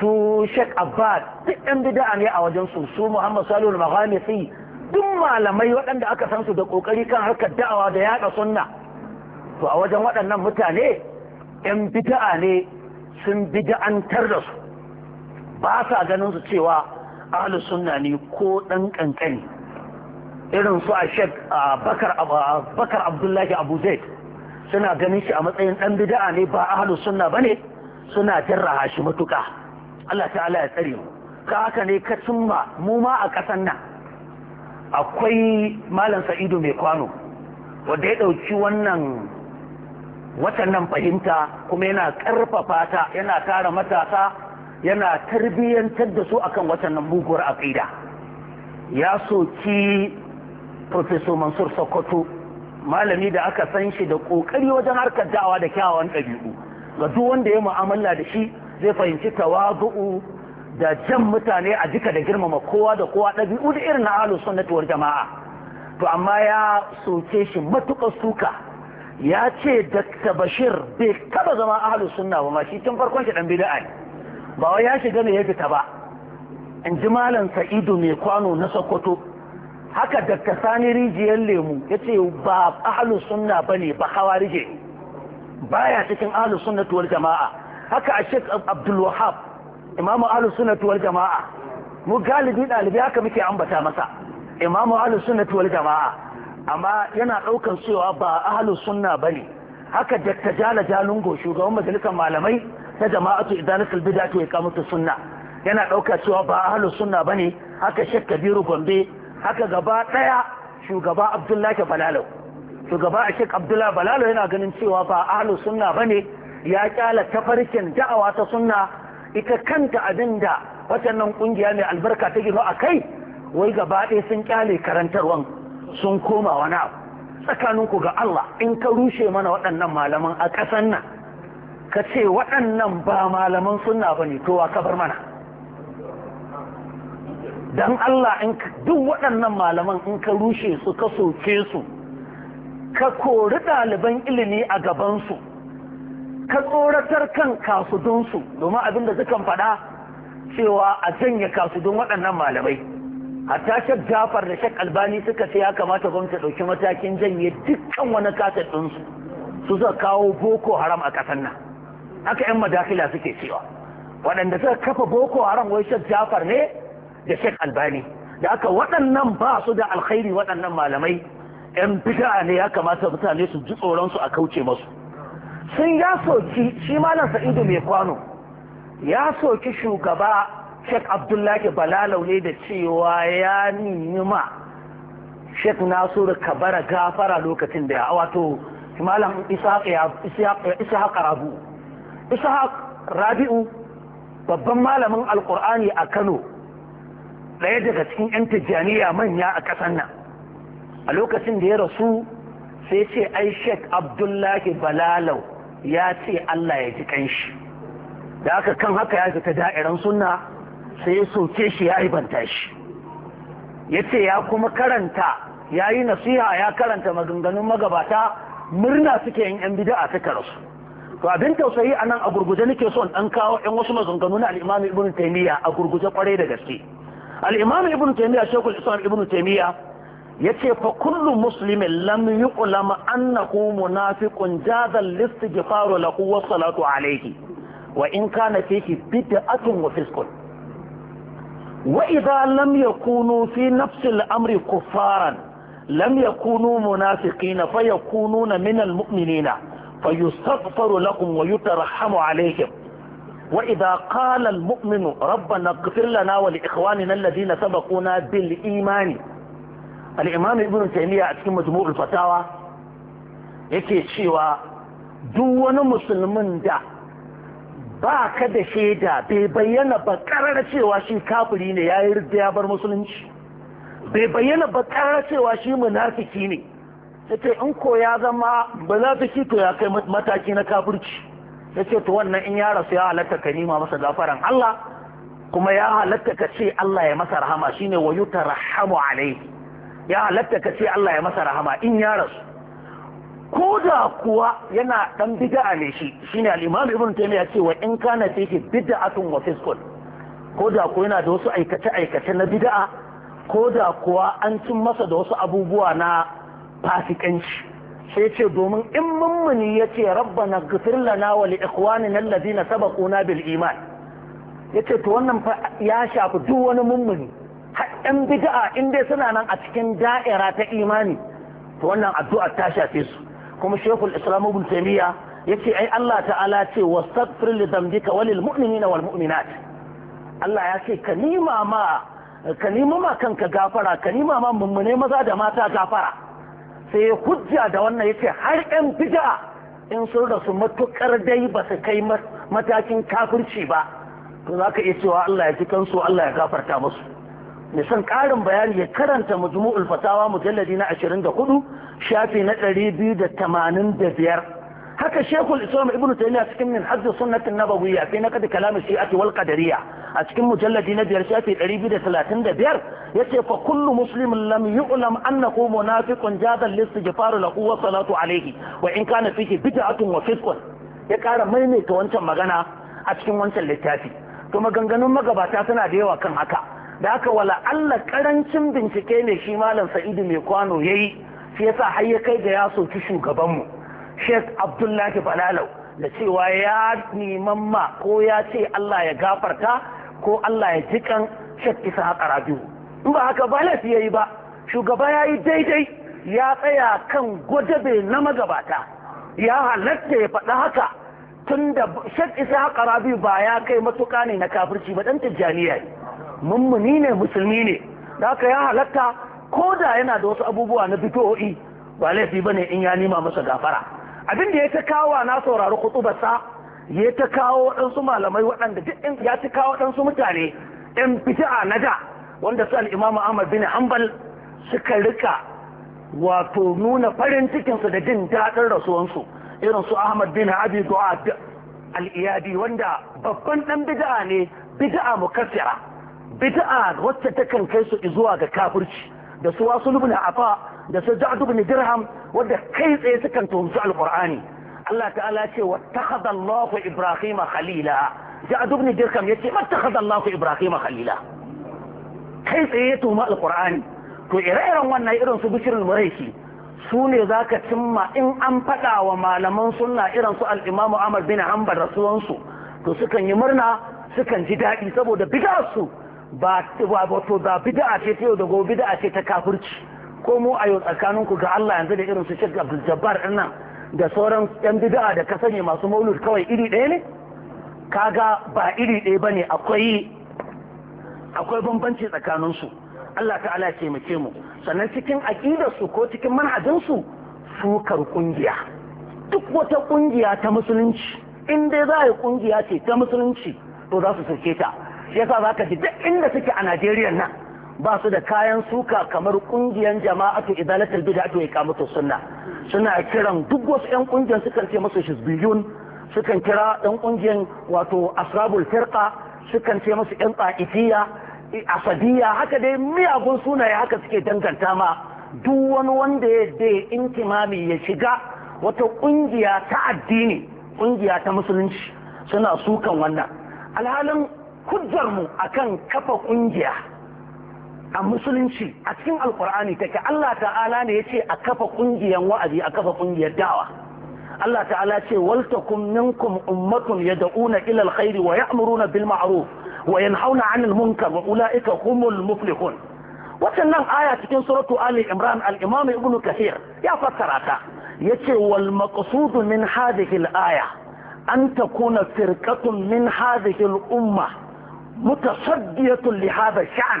su Sheikh Abbas duk ɗan bid'a ne a wajen su su Muhammad Salihu Maghamisi duk malamai waɗanda aka san su da kokari kan harkar da'awa da yaɗa sunna to a wajen waɗannan mutane ɗan bid'a ne sun bida'antar da su ba sa ganin su cewa ahlu sunna ne ko ɗan ƙanƙani irin su a Sheikh Bakar Abdullahi Abu Zaid suna ganin shi a matsayin ɗan bid'a ne ba ahlu sunna bane suna jarraha shi matuƙa Allah ta'ala ya tsare mu ka haka ne ka cimma mu ma a ƙasan nan akwai malam sa'idu mai kwano wanda ya ɗauki wannan watannan fahimta kuma yana ƙarfafa ta yana tara matasa yana tarbiyyantar da su akan watannan muguwar aƙida ya soki professor mansur sokoto malami da aka san shi da ƙoƙari wajen harkar da'awa da kyawawan ɗabi'u ga duk wanda ya mu'amala da shi zai fahimci tawazu'u da jan mutane a jika da girmama kowa da kowa ɗabi'u da irin na ahlus sunnati jama'a to amma ya soke shi matuƙar suka ya ce da Bashir bai taba zama ahlus suna ba ma shi tun farkon shi dan bid'a ne ba wai ya shiga ne ya fita ba in ji malam Sa'idu mai kwano na Sokoto haka ta Sani rijiyar lemu ya ce ba suna sunna ne ba hawa Ba baya cikin ahlus sunnati tuwar jama'a haka a sheik Abdulwahab wahab imamu ahlus wal jama'a mu galibi dalibi haka muke ambata masa imamu ahlus wal jama'a amma yana ɗaukan cewa ba ahlus sunna bane haka dakta jala jalungo shugaban majalisar malamai ta jama'atu idanatul ya wa iqamatus sunna yana ɗauka cewa ba ahlus sunna ne haka shek kabiru gombe haka gaba ɗaya shugaba abdullahi balalo shugaba shek abdullahi balalo yana ganin cewa ba ahlus sunna bane ya kyala tafarkin da'awa ta sunna ita kanta abinda watannan ƙungiya mai albarka ta gino a kai wai gaba ɗaya sun kyale karantarwan sun koma wani abu tsakaninku ga Allah in ka rushe mana waɗannan malaman a ƙasan nan ka ce waɗannan ba malaman sunna ba ne towa bar mana don Allah in duk waɗannan malaman in ka rushe su ka soke su ka kori ɗaliban ilimi a gabansu ka tsoratar kan kasudunsu domin abin da sukan faɗa cewa a janye kasudun waɗannan malamai hatta shak jafar da shak albani suka ce ya kamata gwamnati ɗauki matakin janye dukkan wani kasar ɗinsu su suka kawo boko haram a ƙasar nan haka 'yan madakila suke cewa waɗanda suka kafa boko haram wai shak jafar ne da shak albani da aka waɗannan ba su da alkhairi waɗannan malamai 'yan bida ne ya kamata mutane su ji tsoron su a kauce masu sun ya soki shi malam sa'idu mai kwano ya soki shugaba shek abdullahi balalau ne da cewa ya nima sheikh nasiru kabara gafara lokacin da ya wato malam ishaq rabu isa rabi'u babban malamin alkur'ani a kano ɗaya daga cikin 'yan tijjaniya manya a ƙasar nan a lokacin da ya rasu sai ce ai sheik abdullahi balalau ya ce Allah ya ji kanshi da aka kan haka ya fita da'iran suna sai ya soke shi ya banta shi ya ce ya kuma karanta ya yi nasiha ya karanta maganganun magabata murna suke yin yan bida'a suka rasu to abin tausayi a nan a gurguje nake son ɗan kawo yan wasu maganganu na al'imamu ibn taimiyya a gurguje kwarai da gaske al'imamu ibn taimiyya shekul islam ibn taimiyya yace fa kullu muslimin lam yuqlam annahu munafiqun jaza al-istighfaru lahu wa salatu alayhi wa in kana fihi bid'atun wa fiskun wa idha lam yakunu fi nafsi al-amri kuffaran lam yakunu munafiqina fayakununa min al-mu'minina فيستغفر لكم ويترحم عليهم وإذا قال المؤمن ربنا اغفر لنا ولإخواننا الذين سبقونا بالإيمان al'imam ibn taimiyya a cikin majmu'ul fatawa yake cewa duk wani musulmin da ba ka da shaida bai bayyana ba karara cewa shi kafiri ne ya yi ya bar musulunci bai bayyana ba cewa shi munafiki ne yace in ko ya zama munafiki to ya kai mataki na kafirci yace to wannan in ya rasu ya halatta nima masa gafaran Allah kuma ya halatta ka ce Allah ya masa rahama shine wa yutarhamu alaihi ya halatta ka ce Allah ya masa rahama in ya rasu ko da kuwa yana dan bid'a ne shi shine al-Imam Ibn Taymiyyah ce wa in kana fihi bid'atun wa fiskun ko da kuwa yana da wasu aikace aikace na bid'a ko da kuwa an cin masa da wasu abubuwa na fasikanci sai ce domin in mummuni ya ce rabbana gafir lana wa li ikhwanina alladhina sabaquna bil iman yace to wannan ya shafi duk wani mummuni haɗin bid'a in dai suna nan a cikin da'ira ta imani to wannan addu'a ta shafe su kuma shekul islam ibn taymiya yace ai Allah ta'ala ce wastaghfir li dhanbika walil mu'minina wal mu'minat Allah ya ce ka nima ma ka nima ma kanka gafara ka nima ma mummune maza da mata gafara sai ya hujja da wannan yace har yan bid'a in sun rasu matukar dai ba su kai matakin kafirci ba to zaka iya cewa Allah ya ji kansu Allah ya gafarta musu mai son ƙarin bayani ya karanta mujmu'ul Fasawa mujalladi na 24 shafi na 285 haka shekul islam ibnu taymiya cikin min hajj sunnatin ya fi na kada kalamin shi'ati wal qadariyya a cikin mujalladi na biyar shafi 235 ce fa kullu muslimin lam yu'lam annahu munafiqun jadal listighfar lahu wa salatu alayhi wa in kana fihi bid'atun wa fisqun ya ƙara maimaita wancan magana a cikin wancan littafi to maganganun magabata suna da yawa kan haka da aka wala Allah karancin bincike ne shi malam sa'idu mai kwano ya yi shi yasa har ya kai ga ya soki shugabanmu sheikh abdullahi falalau da cewa ya neman ma ko ya ce Allah ya gafarta ko Allah ya jikan sheikh isa haka rabiu in ba haka ba laifi ya yi ba shugaba ya yi daidai ya tsaya kan gwadabe na magabata ya halatta ya faɗa haka tun da sheikh isa haka ba ya kai matuƙa ne na kafirci ba ɗan tijjaniya ne mummuni ne musulmi ne da haka ya halatta ko da yana da wasu abubuwa na fito'i ba laifi ba ne in ya nima masa gafara abin da ya ta kawo na saurari sa ya ta kawo waɗansu malamai waɗanda duk ya ta kawo waɗansu mutane ɗan fita'a na da wanda su al'imamu ahmad bin hanbal suka rika wato nuna farin cikinsu da jin daɗin rasuwansu irin su ahmad bin abi du'ad al'iyadi wanda babban ɗan bid'a ne bid'a mukassira bid'a wacce ta kan kai su zuwa ga kafirci da su wasu lubna afa da su ja'du bin dirham wanda kai tsaye sukan tuhumci alqur'ani Allah ta'ala ce wa takhadha Allahu Ibrahima khalila ja'du bin dirham yace ma takhadha Allahu Ibrahima khalila kai tsaye ya tuhuma alqur'ani to ire-iren wannan irin su bishirin muraiki su ne za ka cimma in an faɗa wa malaman sunna irin su al'imamu Ahmad bin Hanbal rasuwansu to sukan yi murna sukan ji daɗi saboda su. ba wato ba bid'a ce ta yau da gobe bid'a ce ta kafirci ko mu a yau tsakaninku ga Allah yanzu da irin su Sheikh Abdul Jabbar din nan da sauran yan bid'a da ka sani masu maulud kawai iri ɗaya ne kaga ba iri ɗaya bane akwai akwai bambanci tsakanin su Allah ta'ala ya taimake mu sannan cikin su ko cikin manhajin su sukar kungiya duk wata kungiya ta musulunci in dai za a yi kungiya ce ta musulunci to za su sauke ta shi yasa zaka ji duk inda suke a Najeriya nan ba su da kayan suka kamar kungiyan jama'atu idalatul bid'a wa iqamatu sunna suna kiran duk wasu yan kungiyan sukan ce musu shizbiyun sukan kira yan kungiyar wato asrabul firqa sukan ce musu yan qa'idiyya asadiya haka dai miyagun sunaye haka suke danganta ma duk wani wanda ya je intimami ya shiga wata kungiya ta addini kungiya ta musulunci suna sukan wannan alhalin hujjarmu akan kafa ƙungiya a musulunci a cikin alkur'ani take Allah ta'ala ne ya ce a kafa ƙungiyar wa'azi a kafa ƙungiyar dawa Allah ta'ala ce waltakum minkum ummatun yad'una ila alkhairi wa ya'muruna bil ma'ruf wa yanhauna 'anil munkar wa ulaika humul muflihun watannan aya cikin suratu ali imran al-imam ibnu kathir ya fassara ta yace wal maqsud min hadhihi al-aya an takuna firqatun min hadhihi al-umma متصدية لهذا الشأن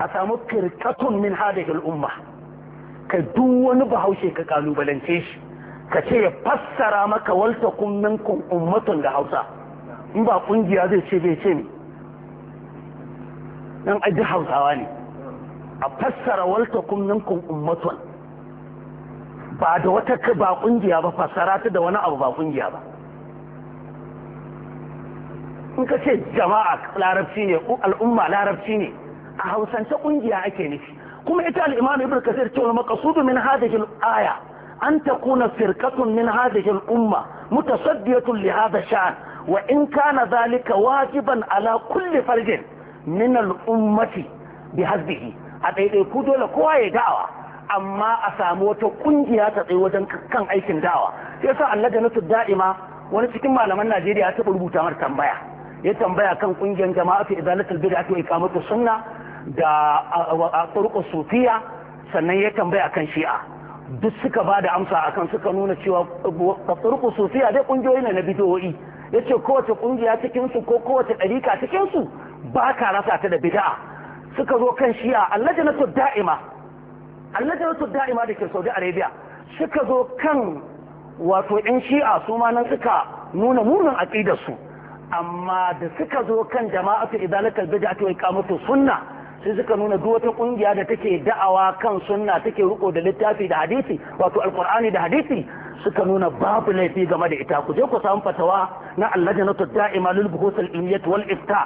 أسامو كركة من هذه الأمة كدو نبهو شيء كالو بلنشيش كشي فسر مك ولتكن منكم أمة لهوسا in ba kungiya zai ce bai ce ne nan ajin hausawa ne a fassara walta kumninkun ummatun ba da wata ba kungiya ba da wani abu ba ƙungiya ba in ka ce jama'a larabci ne al'umma larabci ne a hausance kungiya ake nufi kuma ita al-imam kasir cewa maqsudu min hadhihi al-aya an takuna firqatun min hadhihi al-umma mutasaddiyatun li hadha sha'an wa in kana dhalika wajiban ala kulli farjin min al-ummati bi hasbihi a daidai ku dole kowa ya da'awa amma a samu wata kungiya ta tsaye wajen kan aikin da'awa sai sa Allah da da'ima wani cikin malaman Najeriya ta rubuta mar tambaya ya tambaya kan kungiyar jama'atu izalatul bid'a wa ikamatu sunna da turqus sufiya sannan ya tambaya kan shi'a duk suka ba da amsa akan suka nuna cewa turqus sufiya dai kungiyoyi ne na bid'o'i yace kowace kungiya cikin su ko kowace ɗarika cikin su ba ka rasa ta da bid'a suka zo kan shi'a allajnatu da'ima allajnatu da'ima da ke Saudi Arabia suka zo kan wato 'yan shi'a su ma nan suka nuna munin su amma da suka zo kan jama'atu idalatul bid'ati wa iqamatu sunna sai suka nuna duk wata kungiya da take da'awa kan sunna take riko da littafi da hadisi wato alqur'ani da hadisi suka nuna babu laifi game da ita ku je ku samu fatawa na allajnatu da'ima lil buhuth al ilmiyyah wal ifta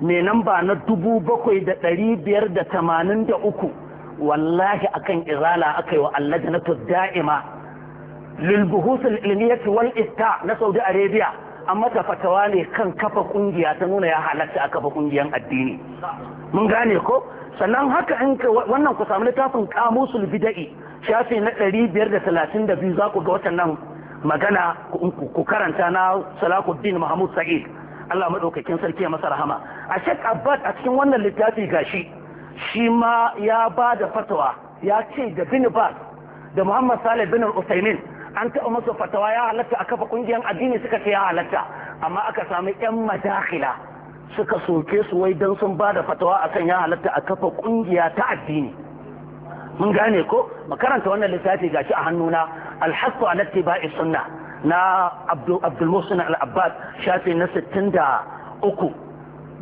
mai namba na 7583 wallahi akan izala akai wa allajnatu da'ima lil buhuth al ilmiyyah wal ifta na Saudi Arabia an mata fatawa ne kan kafa kungiya ta nuna ya halatta a kafa kungiyan addini mun gane ko sannan haka in ka wannan ku samu littafin kamusul bida'i shafi na 532 za ku ga nan magana ku karanta na Salahuddin Mahmud Sa'id Allah madaukakin sarki ya masa rahama a shek abbad a cikin wannan littafi gashi shi ma ya ba da fatawa ya ce da bin Bas da Muhammad Saleh bin al an taɓa masa fatawa ya halatta a kafa ƙungiyar addini suka ce ya halatta amma aka sami 'yan madakila suka soke su wai don sun ba da fatawa kan ya halatta a kafa ƙungiya ta addini mun gane ko makaranta wannan littafi shi a hannuna alhassu ala tibai sunna na abdul muhsin al na shafi na 63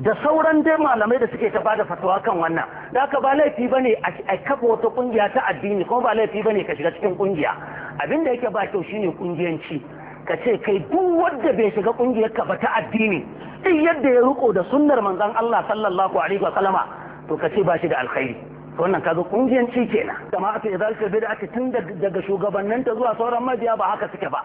da sauran dai malamai da suke ta bada fatawa kan wannan da aka ba laifi bane a kafa wata kungiya ta addini kuma ba laifi bane ka shiga cikin kungiya abinda da yake ba kyau shine kungiyanci ka ce kai duk wanda bai shiga kungiyar ka ba ta addini duk yadda ya riko da sunnar manzon Allah sallallahu alaihi wa sallama to ka ce ba shi da alkhairi to wannan kaga kungiyanci kenan jama'atu da ake tun daga ta zuwa sauran mabiya ba haka suke ba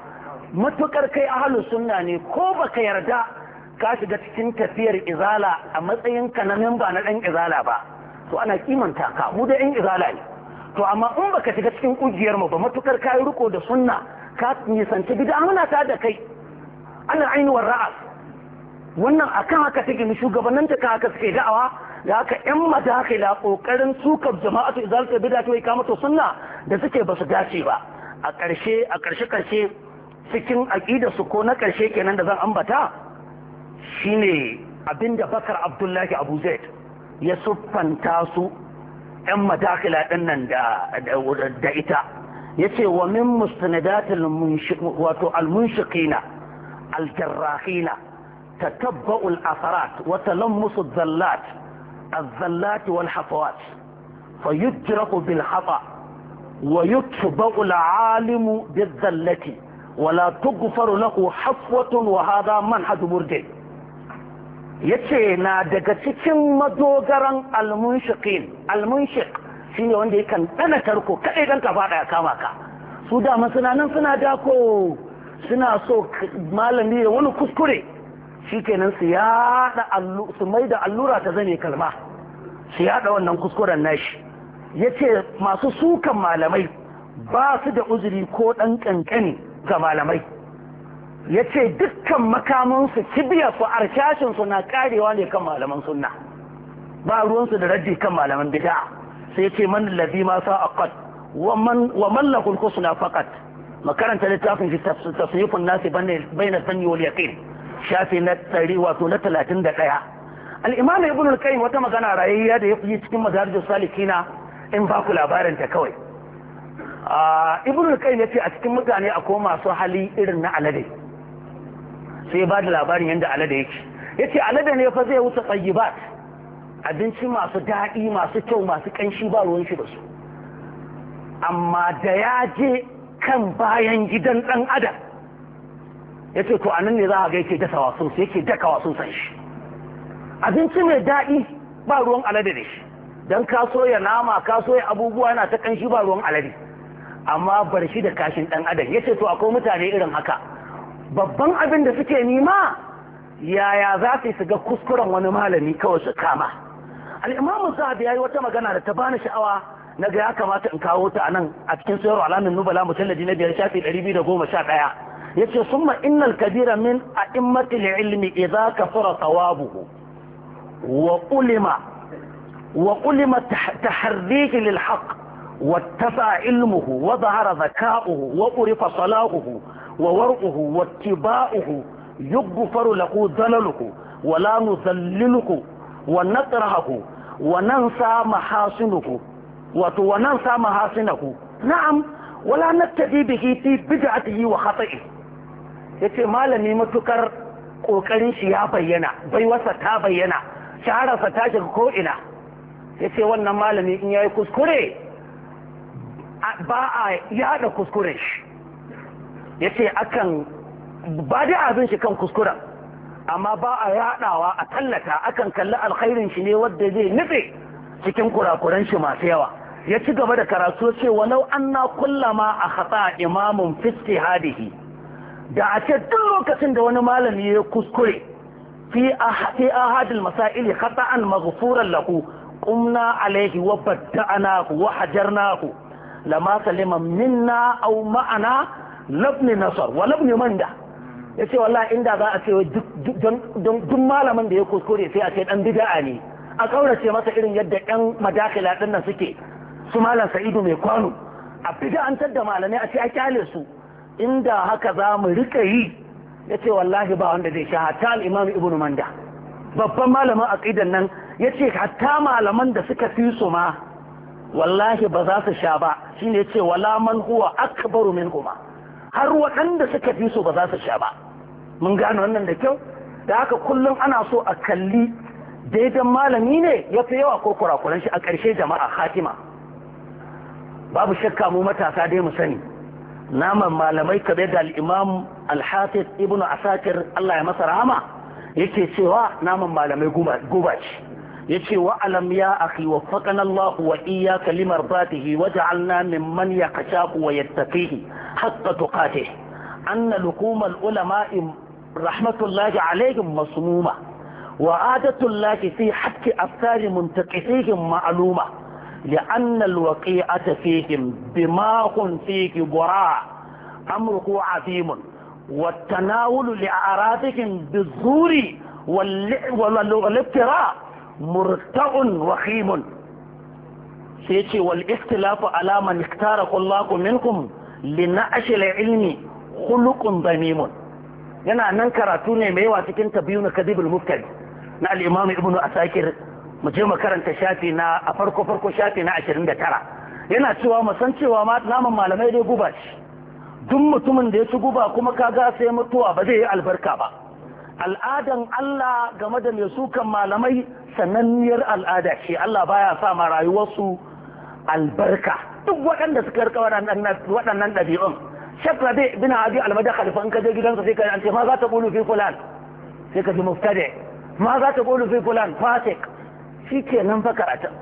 matukar kai ahlus sunna ne ko baka yarda ka shiga cikin tafiyar izala a matsayinka na memba na ɗan izala ba to ana kimanta ka mu da ɗan izala ne to amma in baka shiga cikin kungiyar mu ba matukar kayi riko da sunna ka nisanci bid'a muna ta da kai ana ainihin ra'as wannan akan haka take mu shugabannin ta haka suke da'awa da haka yan madakila kokarin sukar jama'atu izalta bid'a to sunna da suke basu dace ba a ƙarshe a ƙarshe ƙarshe cikin su ko na ƙarshe kenan da zan ambata shine abinda bakar abdullahi abu zaid ya suffanta su ɗan madakila ɗin nan da da, ita yace wa min mustanadatil wato al munshiqina al jarrahina تتبع الأثرات وتلمس الذلات الذلات والحفوات فيجرق بالخطأ ويتبع العالم بالذلة ولا تغفر له حفوة وهذا منهج مرجئ yace na daga cikin madogaran almunshiqin shi shine wanda ya ɗana tarko kaɗai dan ka faɗa ya kama ka su da suna nan suna dako suna so malami da wani kuskure shikenan su su mai da allura ta zane kalma su yada wannan kuskuren nashi yace masu sukan malamai ba su da uzuri ko ɗan ƙanƙani ga malamai ya ce dukkan makamansu kibiyarsu arshashinsu na karewa ne kan malaman sunna ba ruwansu da raddi kan malaman bida sai ce man lazi ma sa aqad wa man lahul na faqat makaranta littafin fi tasnifun nasi na sanyi wal yaqin shafi na tsari wato na da ɗaya imam ibn al-qayyim wata magana rayayya da yi cikin madarijus salikina in ba ku labarin ta kawai ah, ibn al-qayyim ce a cikin mutane akwai masu hali irin na alade sai ba da labarin yadda alada yake ya ce alada ne fa zai wuce tsayi ba abinci masu daɗi masu kyau masu ƙanshi ba ruwan shi da su amma da ya je kan bayan gidan ɗan adam ya ce to anan ne za a ga yake dasa wasu su yake daka wasu san shi abinci mai daɗi ba ruwan alade da shi don ka soya nama ka soya abubuwa yana ta ƙanshi ba ruwan alade amma bar shi da kashin ɗan adam ya ce to akwai mutane irin haka babban abin da suke nima yaya za su su ga kuskuren wani malami kawai su kama al'imamu zahabi ya yi wata magana da ta bani sha'awa na ga ya kamata in kawo ta a nan a cikin sayarwa alamin nubala mujallaji na biyar shafi ɗari biyu da goma sha ɗaya ya ce summa innal kabira min a immatil ilmi ka kafara thawabuhu wa ulima wa ulima taharriki lil ilmuhu واتسع علمه وظهر wa وعرف صلاحه wa warquhu wattiba'uhu yughfaru lahu dalaluhu wa la nuzalliluhu wa natrahu wa nansa mahasinuhu wato wa nansa mahasinahu na'am wala nattabi bihi fi bid'atihi wa khata'i yace malami matukar kokarin shi ya bayyana bai wasa ta bayyana shahararsa ta shiga ko ina yace wannan malami in yayi kuskure ba a yada kuskure shi ya ce akan ba da abin shi kan kuskura amma ba a yadawa a tallata akan kalli alkhairin shi ne wadda zai nufe cikin kurakuran shi masu yawa ya ci gaba da karatu ce walau na kullama a hatsa imamun fiske hadihi da a ce duk lokacin da wani malami ya kuskure fi a hadil masaili hata'an maghfuran lahu qumna alaihi wa badda'nahu wa hajarnahu lama salima minna au ma'ana labni nasar wa labni manda ya ce wallahi inda za a ce duk malamin da ya kuskure sai a ce dan bid'a ne a kaurace masa irin yadda yan madakila din nan suke su malam sa'idu mai kwano a an da malamai a ce a kyale su inda haka za mu rika yi ya ce wallahi ba wanda zai sha hatta al-imam ibn manda babban malamin aqidan nan ya ce hatta malaman da suka fi su ma wallahi ba za su sha ba shine ya ce wala man huwa akbaru min huma har waɗanda suka fi so ba za su sha ba mun gano wannan da kyau da haka kullum ana so a kalli daidan malami ne ya fi yawa ko kurakuran shi a ƙarshe jama'a hatima babu shakka mu matasa dai mu sani naman malamai kabe da al'imam al-hafiz ibnu asakir Allah ya masa rahama yake cewa naman malamai guba ce yace wa alam ya akhi waffaqana Allah wa iyyaka limardatihi waj'alna mimman yakhshaku wa yattaqihi haqqa tuqatih anna lukumal ulama rahmatullahi alaihim masmuma wa adatullahi fi hakki afkari muntaqifihim ma'luma لأن الوقيعة فيهم دماغ فيه براء أمره عظيم والتناول لأعراضهم بالزور والافتراء murta'un wahimun sai ce wal istilafu alama niktara kullaku minkum lina ilmi hulukun damimun yana nan karatu ne mai yawa cikin tabiyu na kadibul muftari na al'imamu ibnu asakir mu je makaranta shafi na a farko farko shafi na 29 yana cewa mu san cewa naman malamai dai guba ce duk mutumin da ya ci guba kuma kaga sai mutuwa ba zai yi albarka ba al'adan Allah game da mai sukan malamai sananniyar al'ada ce Allah baya sa ma rayuwarsu albarka duk waɗanda suka rika waɗannan ɗabi'un shek dai bin abi almada khalifa in ka je gidansa sai ka an ce ma za ta bulu fi fulan sai ka ji muftade ma za ta bulu fi fulan fasik shi ke nan fa galibin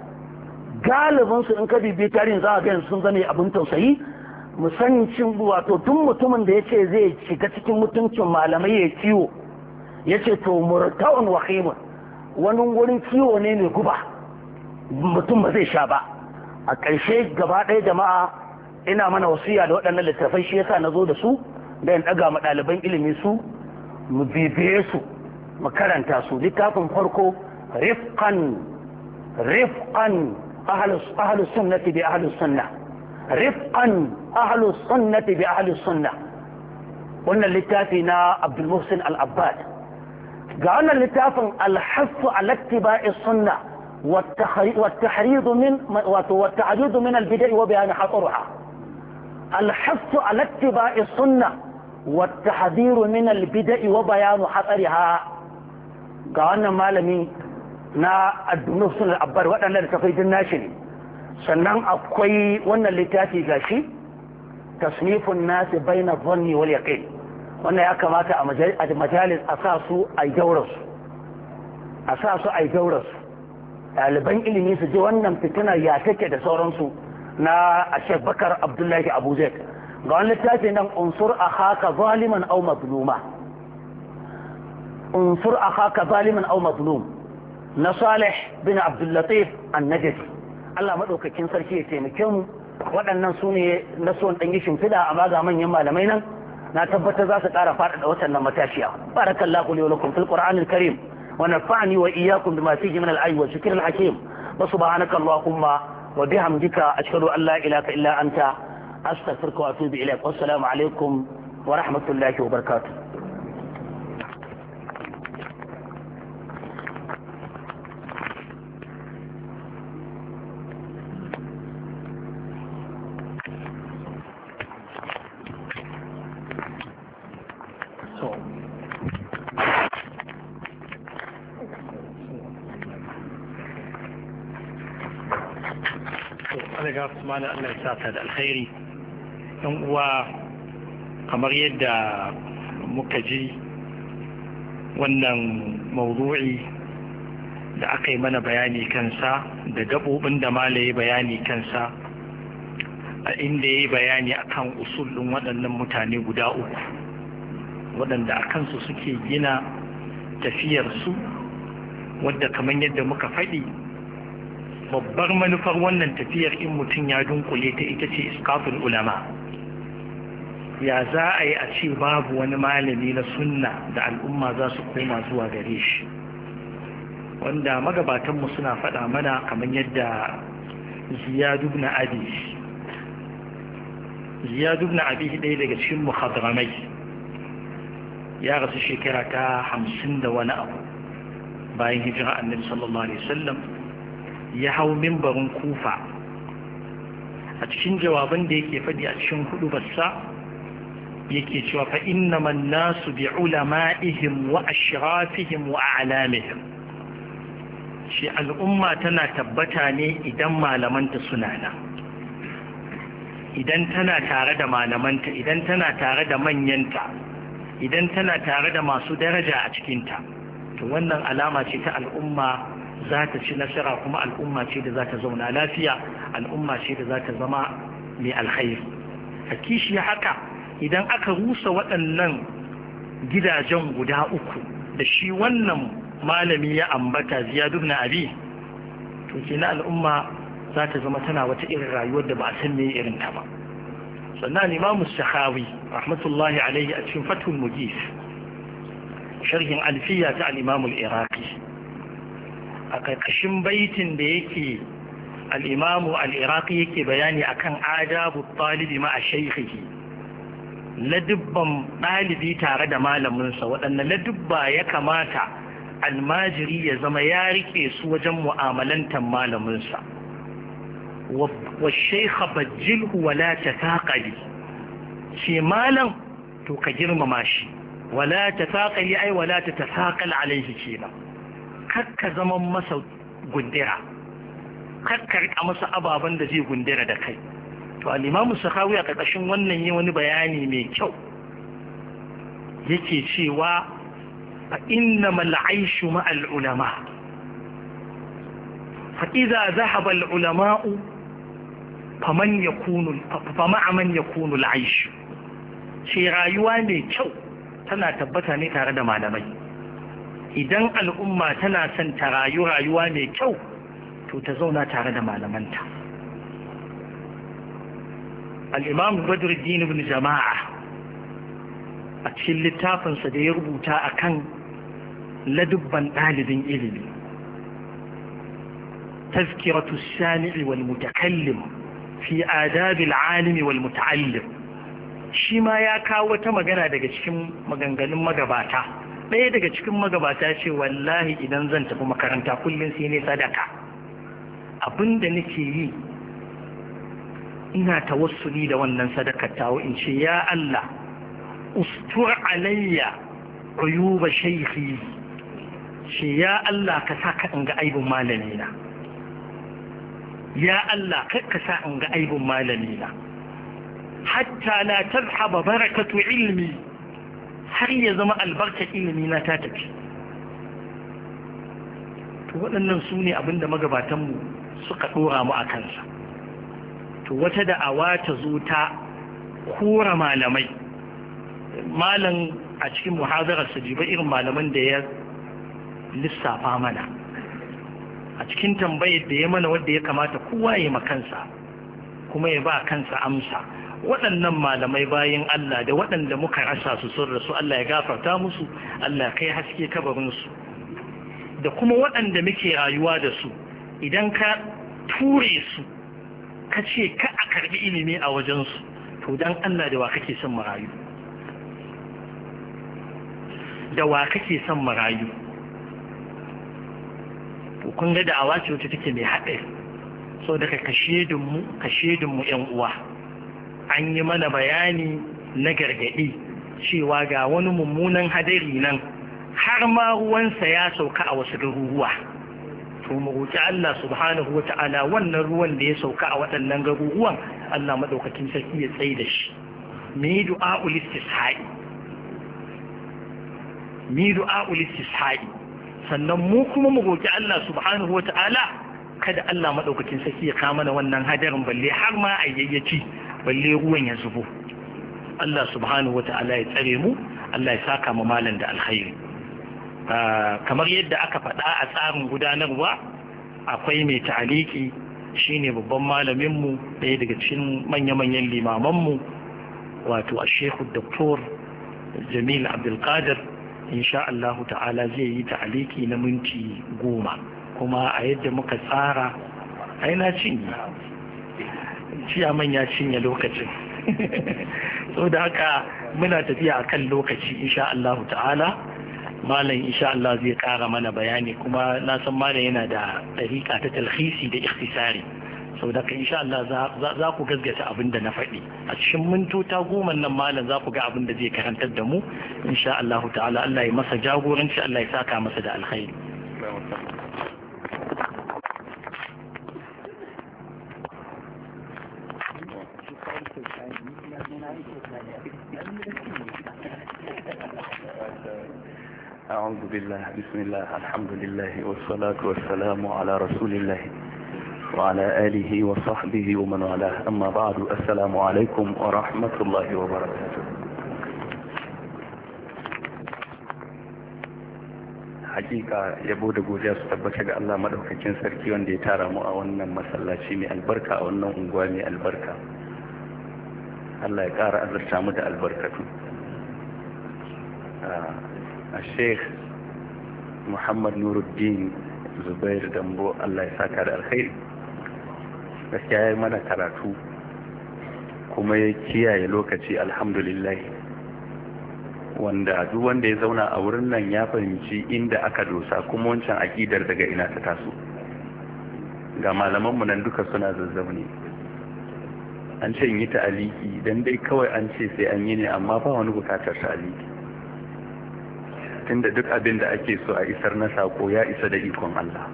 galibinsu in ka bibi tarihin za a ga sun zane abin tausayi musancin wato tun mutumin da ya ce zai shiga cikin mutuncin malamai ya ciwo ya ce to murta'un wa wani wurin kiwo ne mai guba mutum ba zai sha ba a ƙarshe gaba ɗaya jama'a ina mana wasiya da waɗannan littattafai shi yasa na zo da su da in ɗaga ma ɗaliban ilimi su mu bibiye su mu karanta su littafin farko rifkan rifkan ahlus sunnati bi ahlus sunna rifkan ahlus sunnati bi ahlus sunna wannan littafi na abdul muhsin al-abbad ga wannan littafin alhassu a lattiba sunna wata haridu min albidai wa bayani hatsuru ha alhassu a lattiba sunna wata hadiru min albidai wa bayani hatsari ha ga malami na addinu suna abbar waɗannan da tafai din sannan akwai wannan littafi gashi tasnifin nasi baina na zonni wal yaƙini wannan ya kamata a majalis a sa su a gaurarsu a sa su a gaurarsu ɗaliban ilimi su ji wannan fitina ya take da sauransu na ashek bakar abdullahi abu zai ga wani littafi nan unsur a haka zaliman au mazluma unsur a haka zaliman au mazlum na salih bin abdullatif annajis allah maɗaukakin sarki ya taimake mu waɗannan su ne na suwan ɗan yi shimfiɗa amma ga manyan malamai nan na tabbatar za su ƙara faɗaɗa watannan matashiya barakallahu kalla wa lakum fil qur'anil karim wa nafa'ani wa iyyakum bima fihi min al-ayyi wa dhikril hakim wa subhanaka allahumma wa bihamdika ashhadu an la ilaha illa anta astaghfiruka wa atubu ilaik wassalamu alaikum wa rahmatullahi wa barakatuh ga su mana Allah ya ta da alkhairi ɗan uwa kamar yadda muka ji wannan mawdu'i da aka yi mana bayani kansa da gaɓoɓin da malaye bayani kansa a inda ya yi bayani akan usul ɗin waɗannan mutane guda uku waɗanda a kansu suke gina tafiyar su wadda kamar yadda muka faɗi babbar manufar wannan tafiyar in mutum ya dunkule ta ita ce iskafin ulama ya za a yi a ce babu wani malami na sunna da al'umma za su koma zuwa gare shi wanda magabatanmu suna faɗa mana kamar yadda ziyadubna na abi ziyadu abi ɗaya daga cikin muhadramai ya rasu shekara ta hamsin da wani abu bayan hijira annabi sallallahu alaihi wasallam ya hau mimbarin kufa a cikin jawaban da yake faɗi a cikin hudu bassa yake cewa fa inna man nasu bi ulama'ihim wa ashrafihim wa a'lamihim shi al'umma tana tabbata ne idan malamanta suna nan idan tana tare da malamanta idan tana tare da manyanta idan tana tare da masu daraja a cikinta to wannan alama ce ta al'umma za ta ci nasara kuma al'umma ce da za ta zauna lafiya al'umma ce da za ta zama mai alkhairi a kishi haka idan aka rusa waɗannan gidajen guda uku da shi wannan malami ya ambata ziyadu na abi to na al'umma za ta zama tana wata irin rayuwar da ba a san me irin ta ba sannan imamu sahawi rahmatullahi alaihi a cikin fatul mujis sharhin alfiya ta al-imamul iraqi a ƙarƙashin baitin da yake al'imamu al'iraki yake bayani akan adabu talibi ma a shaikhihi ladubban ɗalibi tare da malaminsa waɗanne ladubba ya kamata almajiri ya zama ya rike su wajen mu'amalantar malaminsa wa shaikha bajjilhu wala tataqali shi malam to ka girmama shi wala tataqali ai wala tataqal alaihi kenan karka zaman masa gundira karka rika masa ababen da zai gundira da kai to al'imamu sahawi a ƙarƙashin wannan yi wani bayani mai kyau yake cewa fa inna mal'aishu ma'al ulama fa idza zahaba al fa ma'a man yakunu al aish shi rayuwa mai kyau tana tabbata ne tare da malamai idan al'umma tana son ta rayu rayuwa mai kyau to ta zauna tare da malamanta al'imam badruddin ibn jama'a a cikin littafinsa da ya rubuta a kan ladubban ɗalibin ilimi tazkiratu sami'i wal mutakallim fi adabil alimi wal muta'allim shi ma ya kawo wata magana daga cikin maganganun magabata ɗaya daga cikin magabata ce wallahi idan zan tafi makaranta kullum sai ne sadaka abin da nake yi ina tawassuli da wannan sadaka tawo in ce ya Allah ustur alayya uyuba shaykhi ce ya Allah ka sa ka ga aibin malamina ya Allah ka sa ga aibin malamina hatta la tarhaba barakatu ilmi har ya zama albarkar ilimi na ta tafi to waɗannan su ne abinda magabatanmu suka ɗora mu a kansa to wata da'awa ta zo ta kora malamai malam a cikin muhazarar su jiba irin malaman da ya lissafa mana a cikin tambayar da ya mana wadda ya kamata kowa ya makansa kuma ya ba kansa amsa waɗannan malamai bayan Allah da waɗanda muka rasa su sun rasu Allah ya gafarta musu Allah kai haske kabarinsu da kuma waɗanda muke rayuwa da su idan ka ture su ka ce ka a karbi ilimi a wajensu to don Allah da wa kake son marayu da wa kake son marayu kun ga da awa ce wacce take mai haɗari sau daga kashe dunmu kashe dunmu 'yan uwa an yi mana bayani na gargaɗi cewa ga wani mummunan hadari nan har ma ruwansa ya sauka a wasu garuruwa to mu roƙi Allah subhanahu wa ta'ala wannan ruwan da ya sauka a waɗannan garuruwan Allah maɗaukakin sarki ya tsaye da shi me yi du'a'ul istisha'i me yi du'a'ul istisha'i sannan mu kuma mu roƙi Allah subhanahu wa ta'ala kada Allah maɗaukakin sarki ya kama mana wannan hadarin balle har ma ayyayyaci balle ruwan ya zubo Allah subhanahu wata'ala ya tsare mu Allah ya saka mu malam da alkhairi ah, kamar yadda aka faɗa a tsarin gudanarwa akwai mai ta'aliki shine babban malamin malaminmu ɗaya daga cikin manya-manyan limaman mu wato a shehu doktor jamil abdulkadir insha Allah ta'ala zai yi ta'aliki na minti goma kuma a yadda muka tsara ai cinye ciyaman ya cinye lokacin so da haka muna tafiya a kan lokaci insha Allah ta'ala malam insha Allah zai kara mana bayani kuma na san malam yana da tarika ta talhisi da ikhtisari sau da insha Allah za ku gaskata abin da na faɗi a cikin mintota goma nan malam za ku ga abin da zai karantar da mu insha Allah ta'ala Allah ya masa jagoranci Allah ya saka masa da alkhairi أعوذ بالله بسم الله الحمد لله والصلاة والسلام على رسول الله وعلى آله وصحبه ومن والاه أما بعد السلام عليكم ورحمة الله وبركاته hakika yabo da godiya su tabbata ga Allah madaukakin sarki wanda ya tara mu a wannan masallaci mai albarka a wannan unguwa mai albarka Allah ya ƙara azurta mu da albarkatu ah, a sheikh muhammad nuruddin zubair dambo Allah ya saka da alkhairi gaskiya ya yi mana karatu kuma ya kiyaye lokaci alhamdulillah wanda duk wanda ya zauna a wurin nan ya fahimci inda aka dosa kuma wancan aƙidar daga ina ta taso ga malamanmu nan duka suna zazzauni an ce in yi ta aliki don dai kawai an ce sai an yi ne amma ba wani bukatar sa aliki tunda duk abin da ake so a isar na sako ya isa da ikon Allah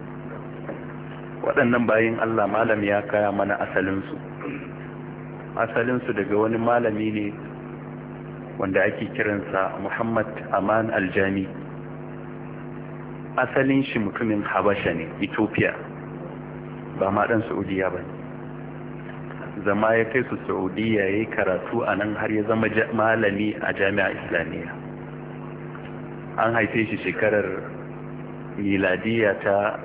waɗannan bayan Allah malam ya kaya mana asalinsu asalinsu daga wani malami ne wanda ake kiransa Muhammad Aman Aljami asalin shi mutumin Habasha ne Ethiopia ba ma ɗan Saudiya ba ne zama ya kai su saudiya ya yi karatu a nan har ya zama malami a jami'a islamiyya an haife shi shekarar miladiya ta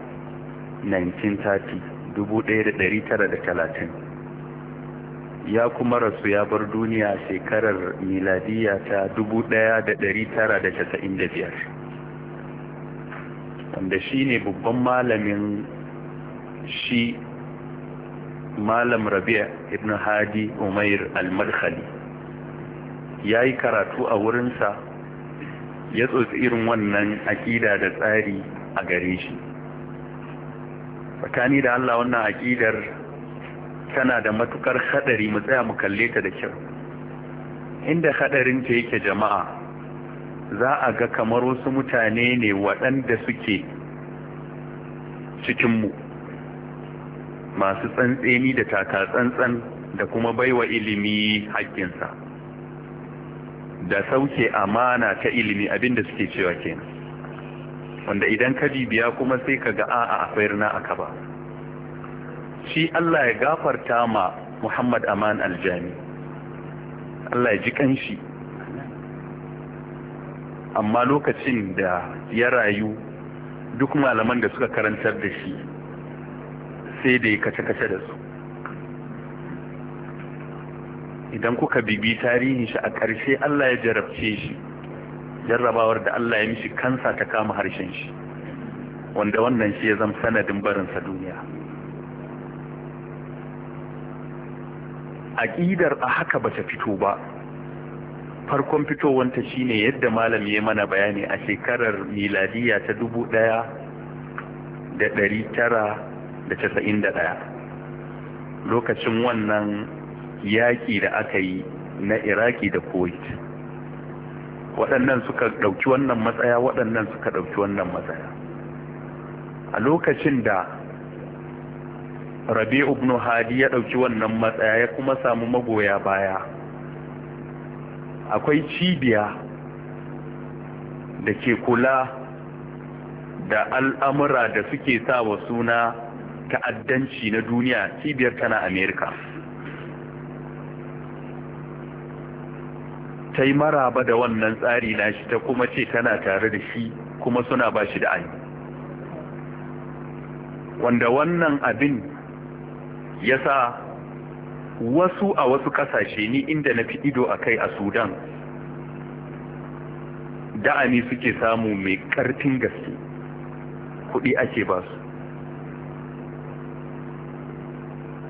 1930 1930 ya kuma rasu ya bar duniya shekarar miladiya ta 1995 wanda shi ne babban malamin shi malam rabia ibn hadi umair al-madkhali ya yi karatu a wurinsa ya tsotsi irin wannan aƙida da tsari a gare shi tsakani da allah wannan aƙidar tana da matukar haɗari mu tsaya mu kalle ta da kyau inda haɗarin ta yake jama'a za a ga kamar wasu mutane ne waɗanda suke cikinmu masu tsantseni da taka tsantsan da kuma baiwa ilimi haƙƙinsa da sauke amana ta ilimi abinda suke cewa kenan wanda idan ka bibiya kuma sai ka ga a'a akwai rina aka ba shi Allah ya gafarta ma Muhammad Aman Aljami Allah ya ji kanshi amma lokacin da ya rayu duk malaman da suka karantar da shi sai da ya kace-kace da su idan kuka bibi tarihin shi a ƙarshe Allah ya jarabce shi jarrabawar da Allah ya mishi kansa ta kama harshen shi wanda wannan shi ya zama sanadin barinsa duniya aƙidar a haka ba ta fito ba farkon fitowanta shine yadda malam ya mana bayani a shekarar miladiya ta dubu ɗaya da ɗari tara da casa'in da ɗaya lokacin wannan yaƙi da aka yi na iraki da kuwait waɗannan suka ɗauki wannan matsaya waɗannan suka ɗauki wannan matsaya a lokacin da rabi ibn hadi ya ɗauki wannan matsaya ya kuma samu magoya baya akwai cibiya da ke kula da al'amura da suke sa wa suna ta'addanci na duniya cibiyar tana amerika ta yi maraba da wannan tsari na shi ta kuma ce tana tare da shi kuma suna ba shi da ayi wanda wannan abin ya sa wasu a wasu kasashe ni inda na fi ido a kai a sudan da'ani suke samu mai karfin gaske kuɗi ake ba su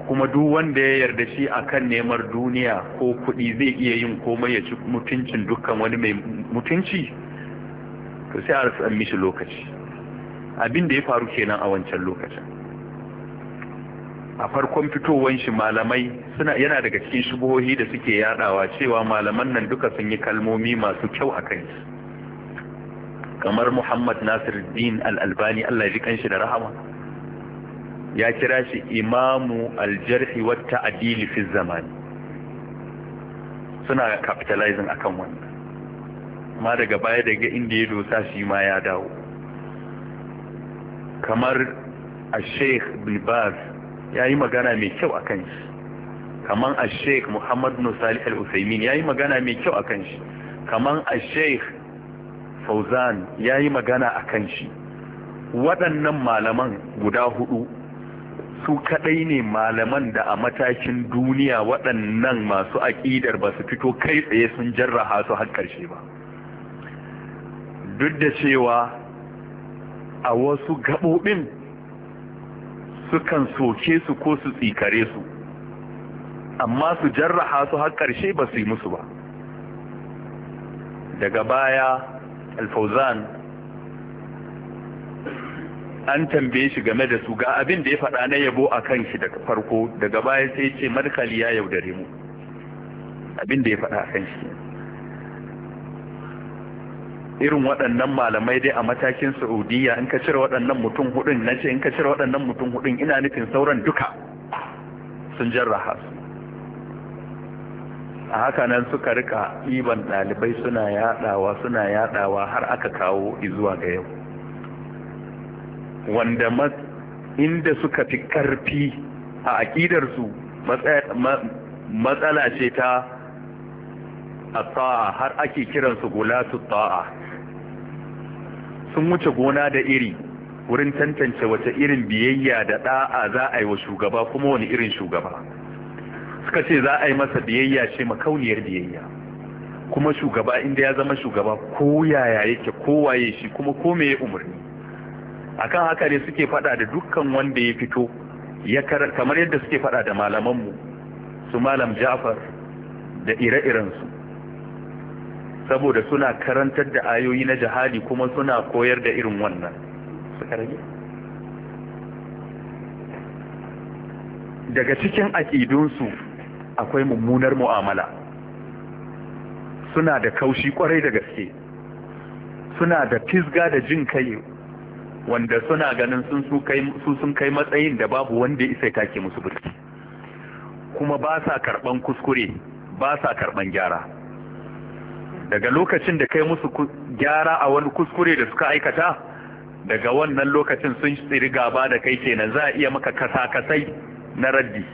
kuma duk wanda ya yarda shi akan neman duniya ko kuɗi zai iya yin komai ya ci mutuncin dukkan wani mai mutunci to sai a rasa mishi lokaci abin da ya faru kenan a wancan lokacin a farkon fitowan shi malamai yana daga cikin shubuhohi da suke yadawa cewa malaman nan duka sun yi kalmomi masu kyau a kai kamar Muhammad Nasiru Din Al-Albani Allah ya ji kanshi da rahama ya kira shi imamu aljarhi wa ta'dil fi zamani suna capitalizing akan wannan ma daga baya daga inda ya dosa shi ma ya dawo kamar a sheikh bilbaz ya yi magana mai kyau a kan shi kamar a sheikh muhammadu nusali al-usaimin ya yi magana mai kyau a kan shi kamar a sheikh fauzan ya yi magana a kan shi waɗannan malaman guda hudu su kadai ne malaman da a matakin duniya waɗannan masu aƙidar ba su fito kai tsaye sun jarraha su har ƙarshe ba duk da cewa a wasu gaɓoɓin sukan soke su ko su tsikare su amma su jarraha su har ƙarshe ba su yi musu ba daga baya alfauzan an tambaye shi game da su ga abin da ya faɗa na yabo a kan shi daga farko daga baya sai ce markali ya yaudare mu abin da ya faɗa a kan shi irin waɗannan malamai dai a matakin saudiya in ka cire waɗannan mutum hudun na ce in ka cire waɗannan mutum hudun ina nufin sauran duka sun jarraha su a haka nan suka rika ɗiban ɗalibai suna yaɗawa suna yaɗawa har aka kawo izuwa ga yau wanda inda suka fi karfi a aƙidarsu matsala ce ta a ta'a har ake kiransu gulatu ta'a sun wuce gona da iri wurin tantance wace irin biyayya da ɗa'a za a yi wa shugaba kuma wani irin shugaba suka ce za a yi masa biyayya ce makauniyar biyayya kuma shugaba inda ya zama shugaba ko yaya yake kowaye shi kuma ko me ya umarni akan haka ne suke fada da dukkan wanda ya fito kamar yadda suke fada da malamanmu su malam jafar da ire-irensu saboda suna karantar da ayoyi na jihadi kuma suna koyar da irin wannan daga cikin aƙidunsu akwai mummunar mu'amala suna da kaushi kwarai da gaske suna da fisga da jin kai wanda suna ganin sun su kai sun kai matsayin da babu wanda ya isa take musu burki kuma ba sa karban kuskure ba sa karban gyara daga lokacin da kai musu gyara a wani kuskure da suka aikata daga wannan lokacin sun tsiri gaba da kai kenan za a iya maka kasa-kasai na raddi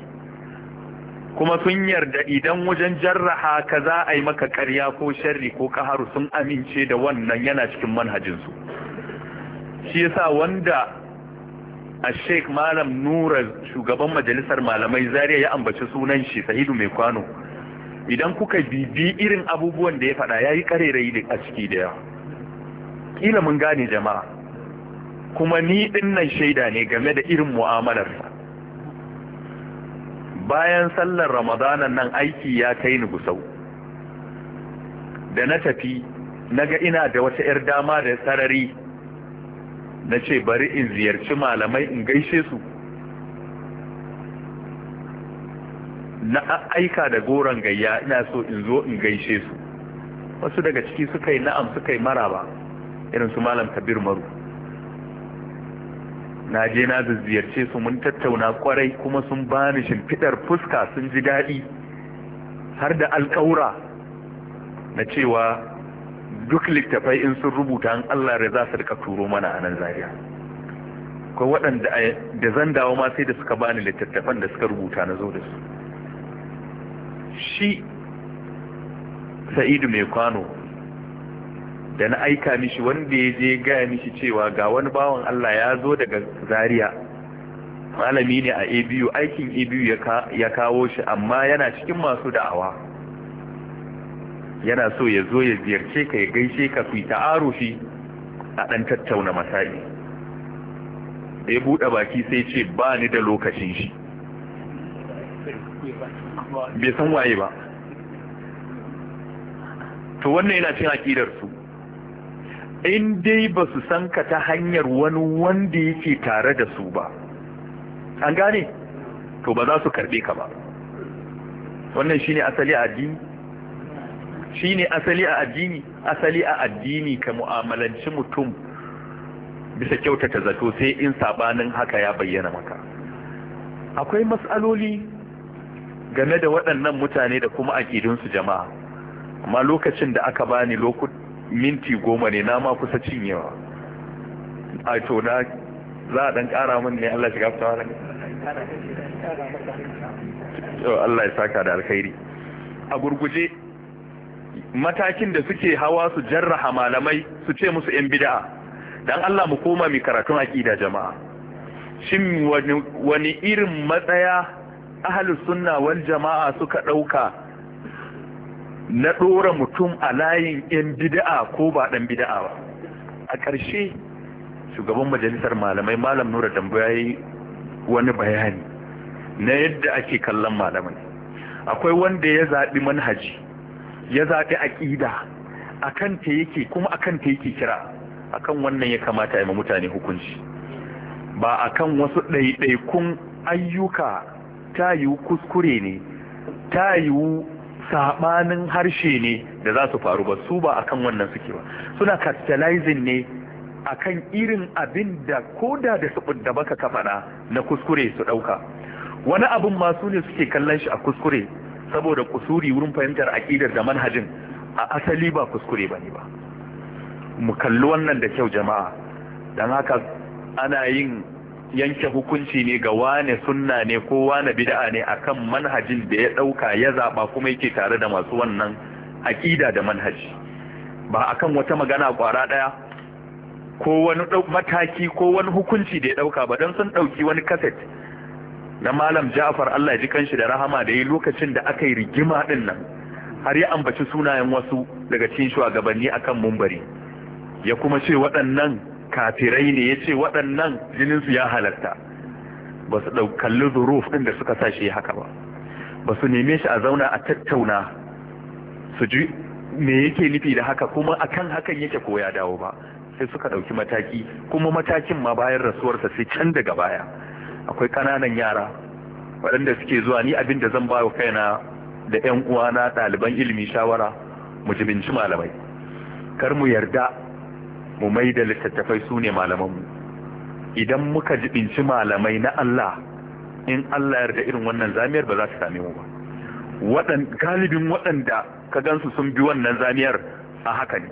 kuma sun yarda idan wajen jarraha ka za a yi maka karya ko sharri ko kaharu sun amince da wannan yana cikin manhajinsu shi yasa wanda a sheik malam nura shugaban majalisar malamai zariya ya ambaci sunan shi sahidu mai kwano idan kuka bibi irin abubuwan da ya faɗa ya yi ƙarerayi a ciki da yawa ƙila mun gane jama'a kuma ni dinnan shaida ne game da irin mu'amalar bayan sallar ramadanan nan aiki ya kai ni gusau da na tafi na ga ina da wata 'yar dama da sarari na ce bari in ziyarci malamai in gaishe su na aika da goron gayya ina so in zo in gaishe su wasu daga ciki suka yi na'am suka yi maraba irin su malam kabir maru na je na ziyarce su mun tattauna kwarai kuma sun bani shimfidar fuska sun ji daɗi har da alƙaura na cewa duk littafai in sun rubuta an Allah da za su rika turo mana a nan zariya ko waɗanda da zan dawo ma sai da suka bani littattafan da suka rubuta na zo da su shi sa'idu mai kwano da na aika mishi wanda ya je gaya mishi cewa ga wani bawan Allah ya zo daga zariya malami ne a abu aikin abu ya kawo shi amma yana cikin masu da'awa yana so ya zo ya ziyarce ka ya gaishe ka ku arufi a ɗan tattauna masali ya buɗe baki sai ce ba ni da lokacin shi bai san waye ba to wannan yana cin su in dai ba su san ka ta hanyar wani wanda yake tare da su ba an gane to ba za su karɓe ka ba wannan shine asali addini shine asali a addini asali a addini ka mu'amalanci mutum bisa kyautata zato sai in sabanin haka ya bayyana maka akwai matsaloli game da waɗannan mutane da kuma aƙidinsu jama'a amma lokacin da aka bani lokut minti goma ne na ma kusa cinyewa a to na za a ɗan ƙara min ne Allah shiga fita wani Allah ya saka da alkhairi a gurguje matakin da suke hawa su jarraha malamai su ce musu yan bid'a dan Allah mu koma mi karatun aqida jama'a shin wani irin matsaya ahlus sunna wal jama'a suka ɗauka na dora mutum a layin yan bid'a ko ba dan bid'a ba a ƙarshe shugaban majalisar malamai malam Nura ya yi wani bayani na yadda ake kallon malamai akwai wanda ya zaɓi manhaji ya zaɓi aƙida kan ta yake kuma a akan ta yake kira a kan wannan ya kamata ya mutane hukunci ba a kan wasu ɗaiɗaikun ayyuka ta yiwu kuskure ne ta yiwu saɓanin harshe ne da za su faru ba su ba a kan wannan suke ba suna capitalizing ne a kan irin abin da koda da su da baka kafaɗa na kuskure su ɗauka wani abin masu ne suke kallon shi a kuskure saboda kusuri wurin fahimtar aƙidar da manhajin a asali ba kuskure ne ba mu kalli wannan da kyau jama'a dan haka ana yin yanke hukunci ne ga wane sunna ne ko wane bid'a ne akan manhajin da ya ɗauka ya zaɓa kuma yake tare da masu wannan aƙida da manhaji ba akan wata magana ƙwara ɗaya? ko wani mataki ko wani hukunci da ya ɗauka ba don sun ɗauki wani kaset na malam Ja'far Allah ya ji kanshi da rahama da yi lokacin da aka yi rigima din nan har ya ambaci sunayen wasu daga cikin shugabanni akan mumbari ya kuma ce waɗannan kafirai ne ya ce waɗannan jininsu ya halarta ba su ɗaukalli zuruf ɗin da suka sa shi haka ba ba su neme shi a zauna a tattauna su ji me yake nufi da haka kuma akan hakan yake koya dawo ba sai suka ɗauki mataki kuma matakin ma bayan rasuwarsa sai can daga baya akwai kananan yara waɗanda suke zuwa ni abin da zan bawa kaina da ƴan uwana ɗaliban ilimi shawara mu jibinci malamai kar mu yarda mu mai da littattafai su ne malamanmu idan muka jibinci malamai na Allah in Allah yarda irin wannan zamiyar ba za su same mu ba waɗan galibin waɗanda ka gansu sun bi wannan zamiyar a haka ne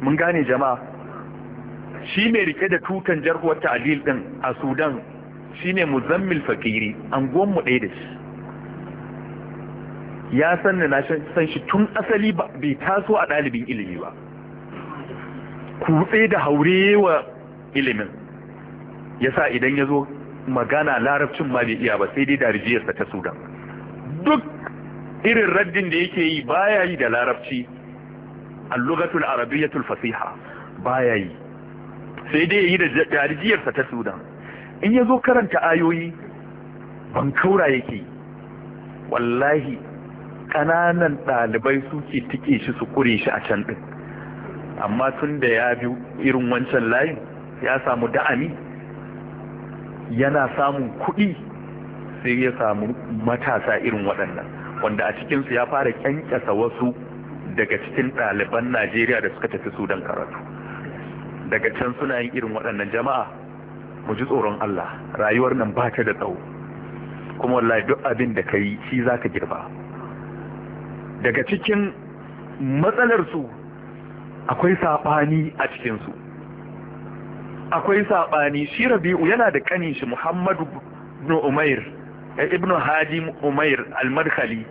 mun gane jama'a shi mai rike da tutan jarhuwar ta'adil din a Sudan shine muzammil fakiri anguwan mu ɗaya da shi ya san na san shi tun asali bai taso a ɗalibin ilimi ba kutse da haure wa ilimin yasa idan ya zo magana larabcin ma bai iya ba sai dai darijiyarsa ta sudan duk irin raddin da yake yi baya yi da larabci al arabiyyatul fasiha baya yi sai dai yi da darijiyarsa ta sudan in ya zo karanta ayoyi ban kaura yake wallahi ƙananan ɗalibai suke tike shi su kure shi a can ɗin amma tun da ya bi irin wancan layin ya samu da'ami yana samun kuɗi sai ya samu matasa irin waɗannan wanda a cikinsu ya fara kyankyasa wasu daga cikin ɗaliban najeriya da suka tafi sudan karatu daga can suna yin irin waɗannan jama'a mu ji tsoron Allah rayuwar nan ba ta da tsawo kuma wallahi duk abin da ka yi shi za ka girba daga cikin matsalarsu akwai saɓani a cikinsu akwai saɓani shi rabi'u yana da kanin shi muhammadu ibn umair eh, ibn hadi umair al-madkhali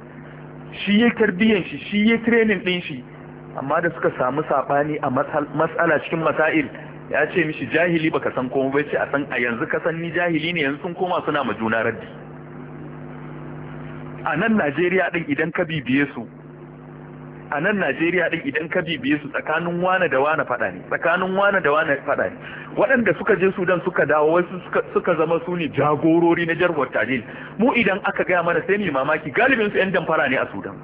shi ya tarbiyyar shi shi ya training din shi amma da suka samu saɓani a matsala cikin masail ya ce mishi jahili baka san komai bai ce a san a yanzu ka san ni jahili ne yanzu sun koma suna ma juna raddi a nan Najeriya din idan ka bibiye su a nan Najeriya din idan ka bibiye su tsakanin wane da wane fada ne tsakanin wane da wane fada ne waɗanda suka je Sudan suka dawo wasu suka, zama su ne jagorori na jarwar talil mu idan aka gaya mana sai ni mamaki galibin su 'yan damfara ne a Sudan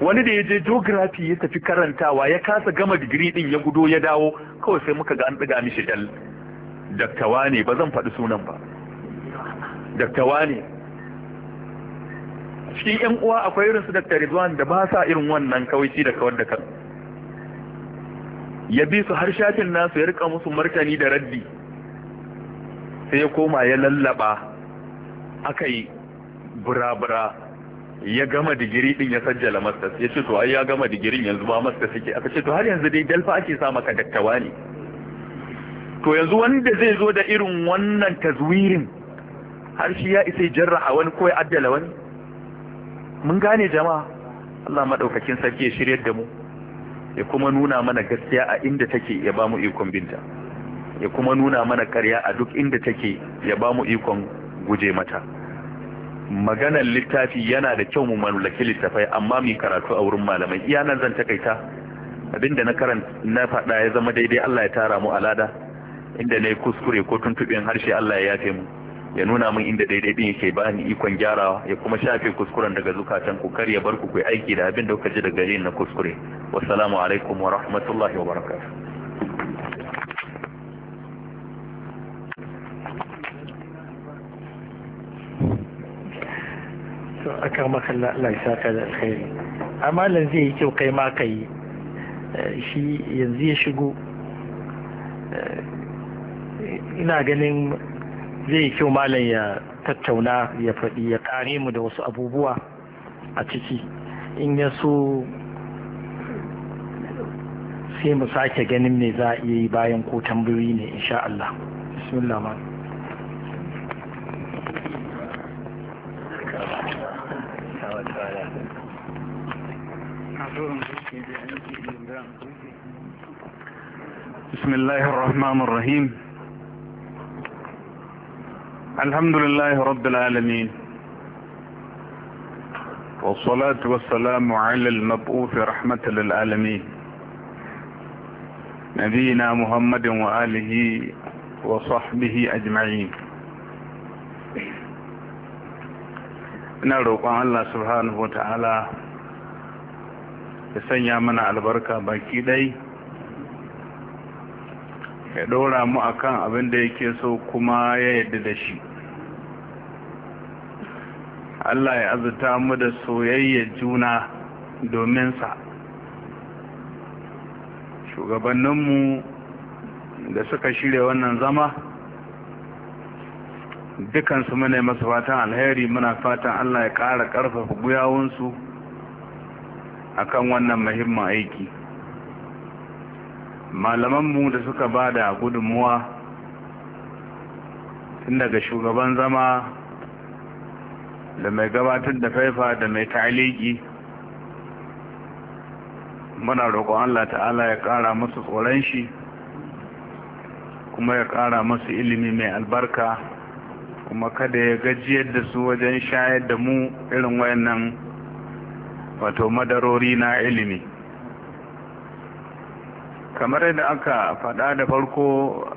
wani da ya je geography ya tafi karantawa ya kasa gama digiri din ya gudo ya dawo kawai sai muka ga an ɗiga mishi dal daktawa ne ba zan faɗi sunan ba daktawa ne cikin yan uwa akwai irin su daktar rizwan da ba sa irin wannan shi da kawar da kan ya bi su har shafin nasu ya rika musu martani da raddi sai ya koma ya lallaba aka yi bura-bura ya gama digiri din ya sajjala masters ya ce to ai ya gama digirin yanzu ba masters yake aka ce to har yanzu dai dalfa ake sa maka daktawa ne to yanzu wanda zai zo da irin wannan tazwirin har shi ya isa jarraha wani ko ya addala wani mun gane jama'a Allah madaukakin sarki ya shiryar da mu ya kuma nuna mana gaskiya a inda take ya ba mu ikon binta ya kuma nuna mana karya a duk inda take ya ba mu ikon guje mata maganar littafi yana da kyau mu mallaki littafai amma mu karatu a wurin malamai iya nan zan takaita abinda na karanta na faɗa ya zama daidai Allah ya tara mu alada inda na yi kuskure ko tuntuɓin harshe Allah ya yafe mu ya nuna min inda daidai din yake ba ni ikon gyarawa ya kuma shafe kuskuren daga zukatan ku kar ya bar ku ku aiki da abin da kuka ji daga yin na kuskure wassalamu alaikum wa rahmatullahi wa barakatuh akar maka Allah da alkhairi lan zai yi kyau kai ma ka eh, shi yanzu ya shigo eh, ina ganin zai yi kyau malam ya tattauna ya faɗi ya ƙare mu da wasu abubuwa a ciki in ya so sai mu sake ganin me za a iya yi bayan ko tambayoyi ne insha Allah bismillah بسم الله الرحمن الرحيم الحمد لله رب العالمين والصلاة والسلام على المبعوث رحمة للعالمين نبينا محمد وآله وصحبه أجمعين ina الله سبحانه وتعالى ya sanya mana albarka baki ɗai ya ɗora mu a kan abin da yake so kuma ya yadda da shi Allah ya azuta mu da soyayyar juna domin sa shugabanninmu da suka shirya wannan zama dukansu muna masu fatan alheri muna fatan Allah ya ƙara ƙarfafa guyawunsu akan wannan muhimmin aiki malamanmu da suka ba da gudunmuwa tun daga shugaban zama da mai gabatar da faifa da mai ta'aliki muna roƙon Allah ta'ala ya ƙara musu tsoron shi kuma ya ƙara musu ilimi mai albarka kuma kada ya gajiyar da su wajen shayar da mu irin wayannan wato madarori na ilimi kamar yadda aka faɗa da farko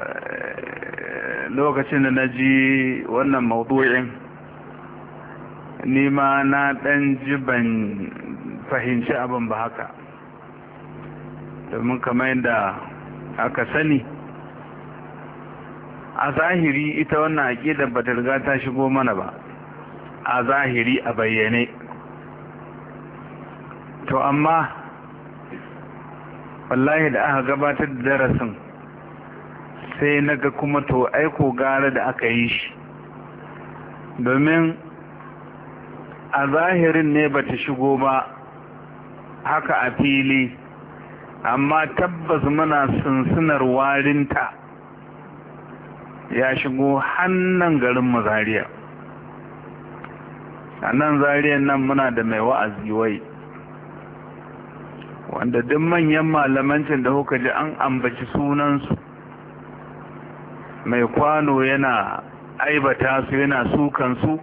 eh, lokacin da na ji wannan maudu'in nima na ɗan ji fahimci abin ba haka domin kamar yadda aka sani a zahiri ita wannan aƙidar ba ta riga ta shigo mana ba a zahiri a bayyane to amma wallahi da aka gabatar da darasin sai na ga kuma to aiko gara da aka yi shi domin a zahirin ne ba ta shigo ba haka a fili amma tabbas muna sunsunar warinta ya shigo hannun garin mazariya a nan zariyan nan muna da mai wa'azi wai wanda duk manyan malamancin da kuka ji an ambaci sunansu mai kwano yana aibata su yana su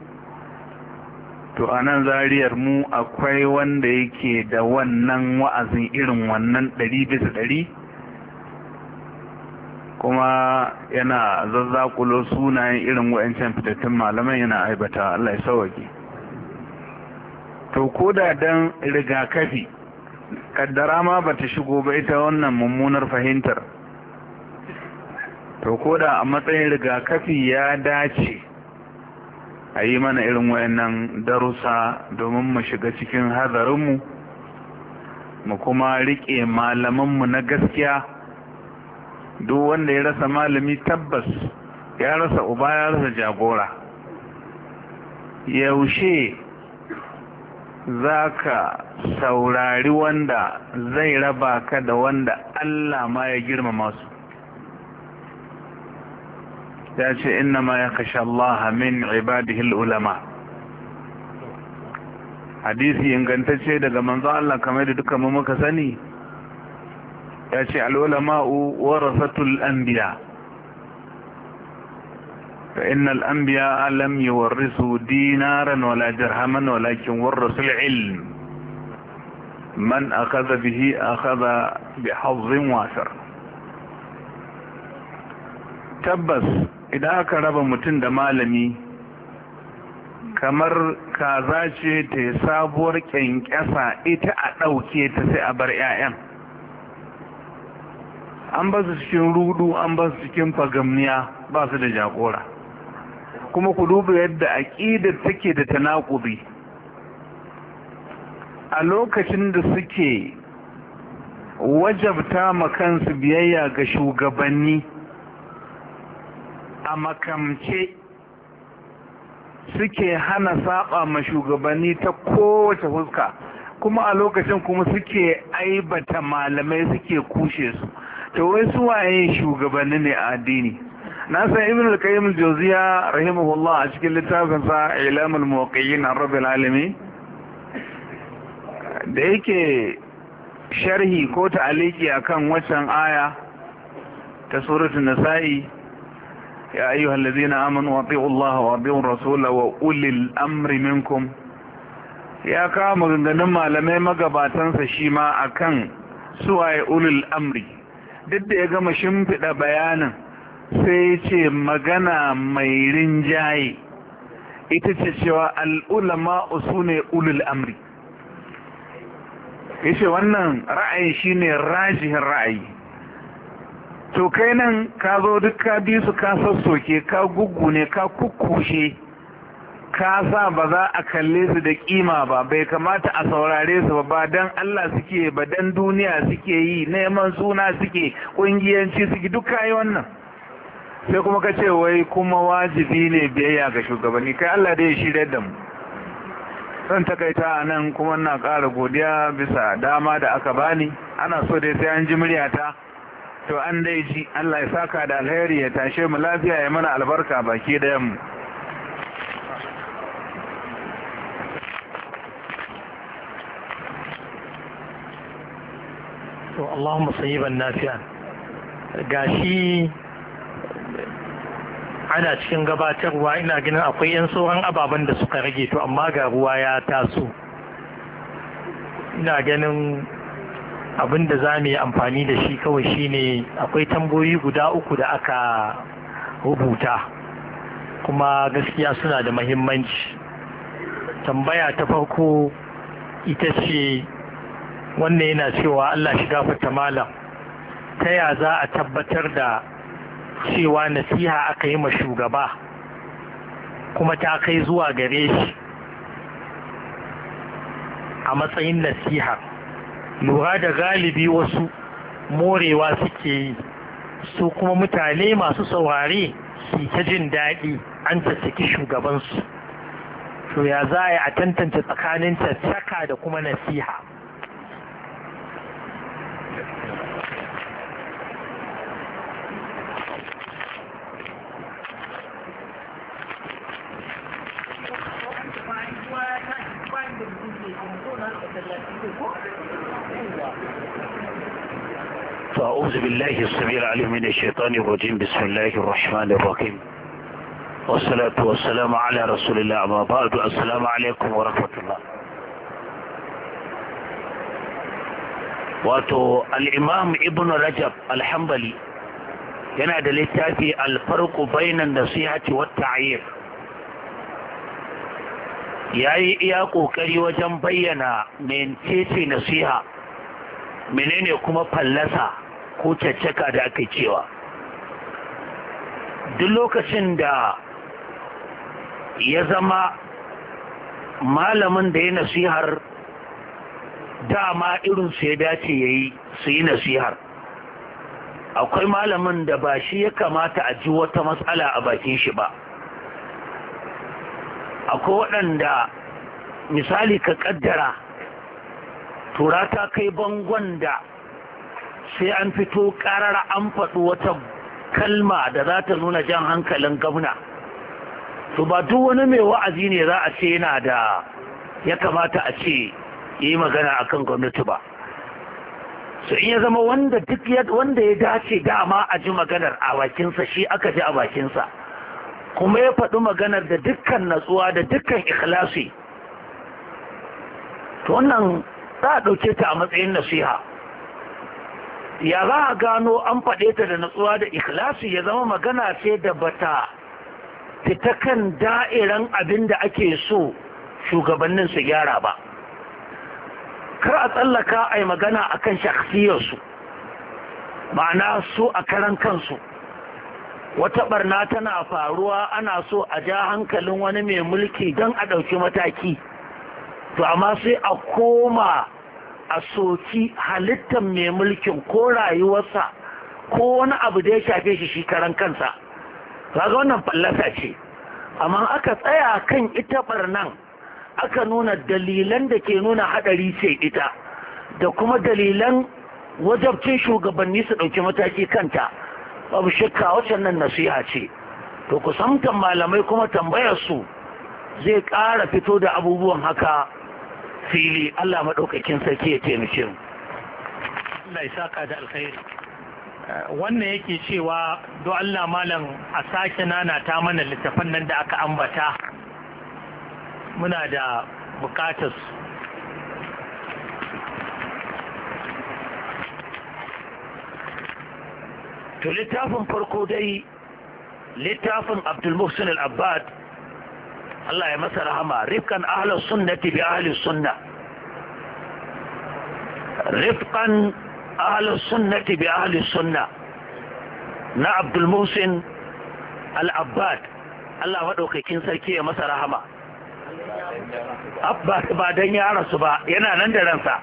to a nan zariyar mu akwai wanda yake da wannan wa'azin irin wannan ɗari bisa ɗari kuma yana zazzakulo sunayen irin wa'ancan fitattun malaman yana aibata Allah ya sawaki to ko da don rigakafi kaddara ma ba ta shigo ba ita wannan mummunar fahimtar to koda a matsayin rigakafi ya dace a yi mana irin wayannan darusa domin mu shiga cikin hadarinmu mu kuma riƙe malamanmu na gaskiya duk wanda ya rasa malami tabbas ya rasa uba ya rasa jagora yaushe za ka saurari wanda zai raba ka da wanda Allah ma ya girmama su ya ce ina ma ya kashe Allah min ibadihil ulama hadisi ingantacce daga manzo Allah kamar da duka muka sani ya ce al'ulama'u warasatul biya فإن الأنبياء لم يورثوا دينارا ولا جرهما ولكن ورثوا العلم من أخذ به أخذ بحظ واسر tabbas idan aka raba mutum da malami kamar kaza ce ta yi sabuwar kyankyasa ita a ɗauke ta sai a bar 'ya'yan an ba su cikin rudu an ba su cikin fagamniya ba su da jagora kuma ku duba yadda aƙidar take da tanakubi a lokacin da suke wajabta makansu biyayya ga shugabanni a makamce suke hana saba ma shugabanni ta kowace fuska, kuma a lokacin kuma suke aibata malamai suke kushe su to wai waye shugabanni ne a addini na san ibn al-qayyim al-jawziya rahimahullah a cikin littafin sa ilamul muwaqqi'in rabbil alamin da yake sharhi ko ta'aliki akan wannan aya ta suratul nisa'i ya ayyuhal ladzina amanu atii'u allaha wa atii'ur rasula wa ulil amri minkum ya kawo maganganun malamai magabatansa shi ma akan suwaye ulul amri duk da ya gama shimfiɗa bayanin sai ce magana mai rinjaye ita ce cewa al'ulama su ne ulul amri ya ce wannan ra'ayi ne rajihin ra'ayi to kai nan ka zo duk ka bi su ka sassoke ka ne ka kukushe ka sa ba za a kalle su da kima ba bai kamata a saurare su ba don Allah suke ba don duniya suke yi neman suna suke ƙungiyanci suke duk kayi wannan sai kuma ka ce wai kuma wajibi ne biyayya ga shugabanni kai Allah da ya shirya da mu zan takaita a nan kuma na ƙara godiya bisa dama da aka bani ana so dai sai an ji muryata to an dai ji Allah ya saka da alheri ya tashe mu lafiya ya mana albarka baki da mu to Allahumma sayyiban nafi'an gashi ana cikin gabatarwa ina ganin akwai 'yan sauran ababen da suka rage to amma ga ruwa ya taso ina ganin abin da za mu yi amfani da shi kawai shine akwai tamboyi guda uku da aka rubuta kuma gaskiya suna da mahimmanci tambaya ta farko ita ce wannan yana cewa Allah shiga fata malam ta ya za a tabbatar da cewa nasiha aka yi ma shugaba kuma ta kai zuwa gare shi a matsayin nasiha lura da galibi wasu morewa suke yi su kuma mutane masu saurare su ta jin daɗi an tattaki shugabansu to ya za a yi a tantance tsakanin tattaka da kuma nasiha فأعوذ بالله السميع العليم من الشيطان الرجيم بسم الله الرحمن الرحيم والصلاة والسلام على رسول الله أما بعد السلام عليكم ورحمة الله واتو الإمام ابن رجب الحنبلي ينادى للتافي الفرق بين النصيحة والتعيير يا إياكو كري وجنبينا من تيتي نصيحة منين يكون فلسا ko caccaka da aka cewa duk lokacin da ya zama malamin da ya nasihar dama irin su ya dace ya yi su yi nasihar akwai malamin da ba shi ya kamata a ji wata matsala a bakin shi ba akwai waɗanda misali ka ƙaddara tura ta kai bangon da sai an fito ƙarar an faɗi wata kalma da za ta nuna jan hankalin gwamna to ba duk wani mai wa'azi ne za a ce yana da ya kamata a ce yi magana akan gwamnati ba in ya zama wanda duk wanda ya dace dama a ji maganar a bakinsa shi aka ji a bakinsa kuma ya faɗi maganar da dukkan natsuwa da dukkan ikhlasi to wannan za a ɗauke ta a matsayin nasiha ya za a gano an faɗe ta da natsuwa da ikhlasi ya zama magana ce da bata fita kan da'iran abin da ake so shugabannin su gyara ba kar a tsallaka a yi magana a kan su, ma'ana su a karan kansu wata barna tana faruwa ana so a ja hankalin wani mai mulki don a ɗauki mataki to amma sai a koma a soki halittar mai mulkin ko rayuwarsa ko wani abu da ya shafe shi shi karan kansa kaga wannan fallasa ce amma aka tsaya kan ita barnan aka nuna dalilan da ke nuna hadari ce ita da kuma dalilan wajabcin shugabanni su ɗauki mataki kanta babu shakka wacan nan nasiha ce to kusamtan malamai kuma tambayar su zai ƙara fito da abubuwan haka fili Allah maɗaukakin sarki ya taimake mu Allah ya saka da alkhairi wannan yake cewa do Allah malam a sake nana ta mana littafan nan da aka ambata muna da bukatar to littafin farko dai littafin Abdul Muhsin Al-Abbad Allah ya masa rahama rifkan ahlus sunnati bi ahli sunna rifkan ahlus sunnati bi ahli sunna na Abdul Muhsin Al-Abbad Allah madaukakin sarki ya masa rahama Abba ba dan ya rasu ba yana nan da ransa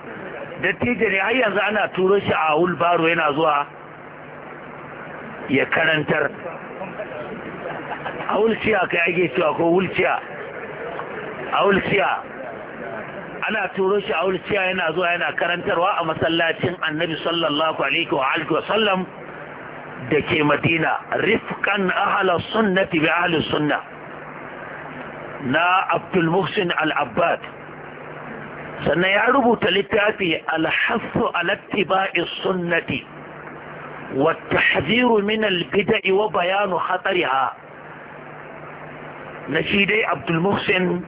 dattijo ne har yanzu ana turo shi a ulbaro yana zuwa ya karantar a wulciya kai ake cewa ko wulciya a wulciya ana turo shi a wulciya yana zuwa yana karantarwa a masallacin annabi sallallahu alaihi wa alihi wasallam da ke madina rifkan ahalar sunnati bi ahalar sunna na abdul muhsin al-abbad sannan ya rubuta littafi alhassu alattiba'i sunnati والتحذير من البدع وبيان خطرها نشيدي عبد المحسن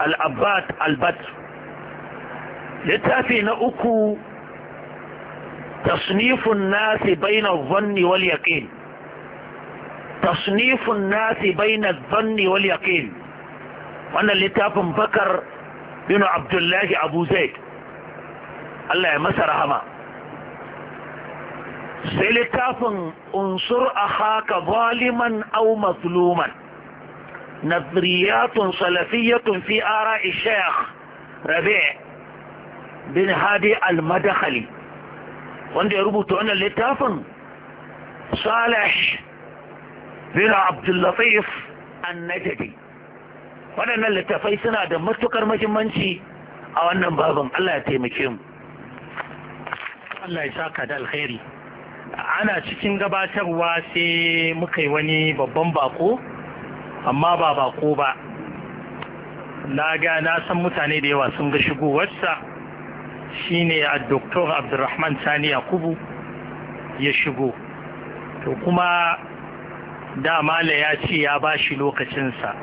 الأبات البدر لتافي نأكو تصنيف الناس بين الظن واليقين تصنيف الناس بين الظن واليقين وانا لتاف بكر بن عبد الله أبو زيد الله يمسر هما سلتاف انصر أخاك ظالما أو مظلوما نظريات صلفية في آراء الشيخ ربيع بن هادي المدخلي wanda ya rubuta wannan littafin salih bin abdullatif annajadi waɗannan littafai suna da matukar mahimmanci a wannan babin Allah ya taimake mu Allah ya saka da alkhairi ana cikin gabatarwa sai muka wani babban bako amma ba ba ko ba na ga na san mutane da yawa sun ga shigowarsa shine a doktor abdurrahman sani yakubu ya shigo to kuma da mala ya ce ya ba shi lokacinsa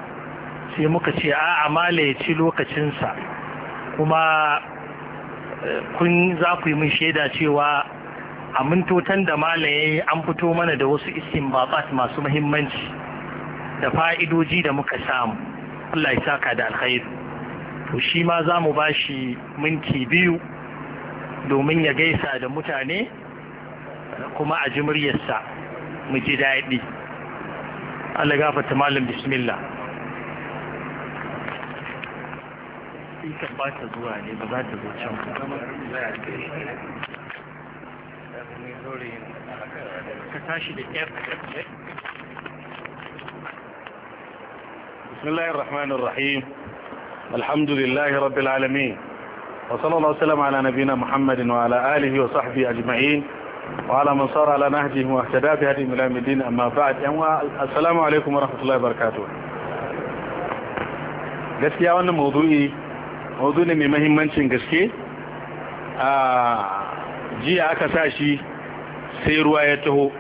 sai muka ce a mala ya ci lokacinsa kuma eh, kun za ku yi min shaida cewa a mintotan da mala ya yi an fito mana da wasu istinbabat masu muhimmanci da fa'idoji da muka samu Allah ya saka da alkhairu to shi ma za mu ba shi minti biyu domin ya gaisa da mutane kuma a ji muryarsa mu ji daɗi Allah gafata malam bismillah ka tashi da f بسم الله الرحمن الرحيم الحمد لله رب العالمين وصلى الله وسلم على نبينا محمد وعلى آله وصحبه أجمعين وعلى من صار على نهجه واهتدى بهدي من الدين أما بعد السلام عليكم ورحمة الله وبركاته gaskiya wannan maudu'i maudu ne mai mahimmancin gaske a jiya aka sa shi sai ruwa ya taho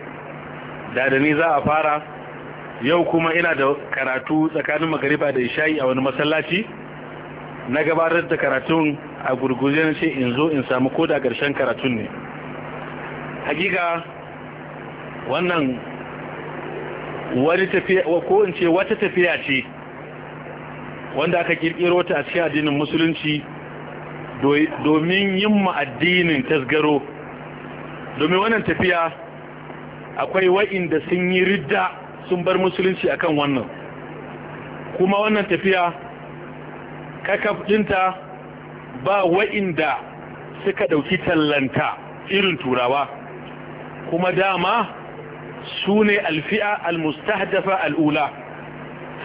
da da ni za a fara yau kuma ina da karatu tsakanin magariba da isha'i a wani masallaci na gabatar da karatun a gurguje na ce in zo in samu ko da ƙarshen karatun ne hakika wannan ko in ce wata tafiya ce wanda aka kirkiro ta a cikin addinin musulunci domin yin ma addinin tasgaro domin wannan tafiya akwai wa'inda sun yi ridda sun bar musulunci akan wannan kuma wannan tafiya kakafinta ba wa'inda suka ɗauki tallanta irin turawa kuma dama su ne alfi'a almustahdafa al'ula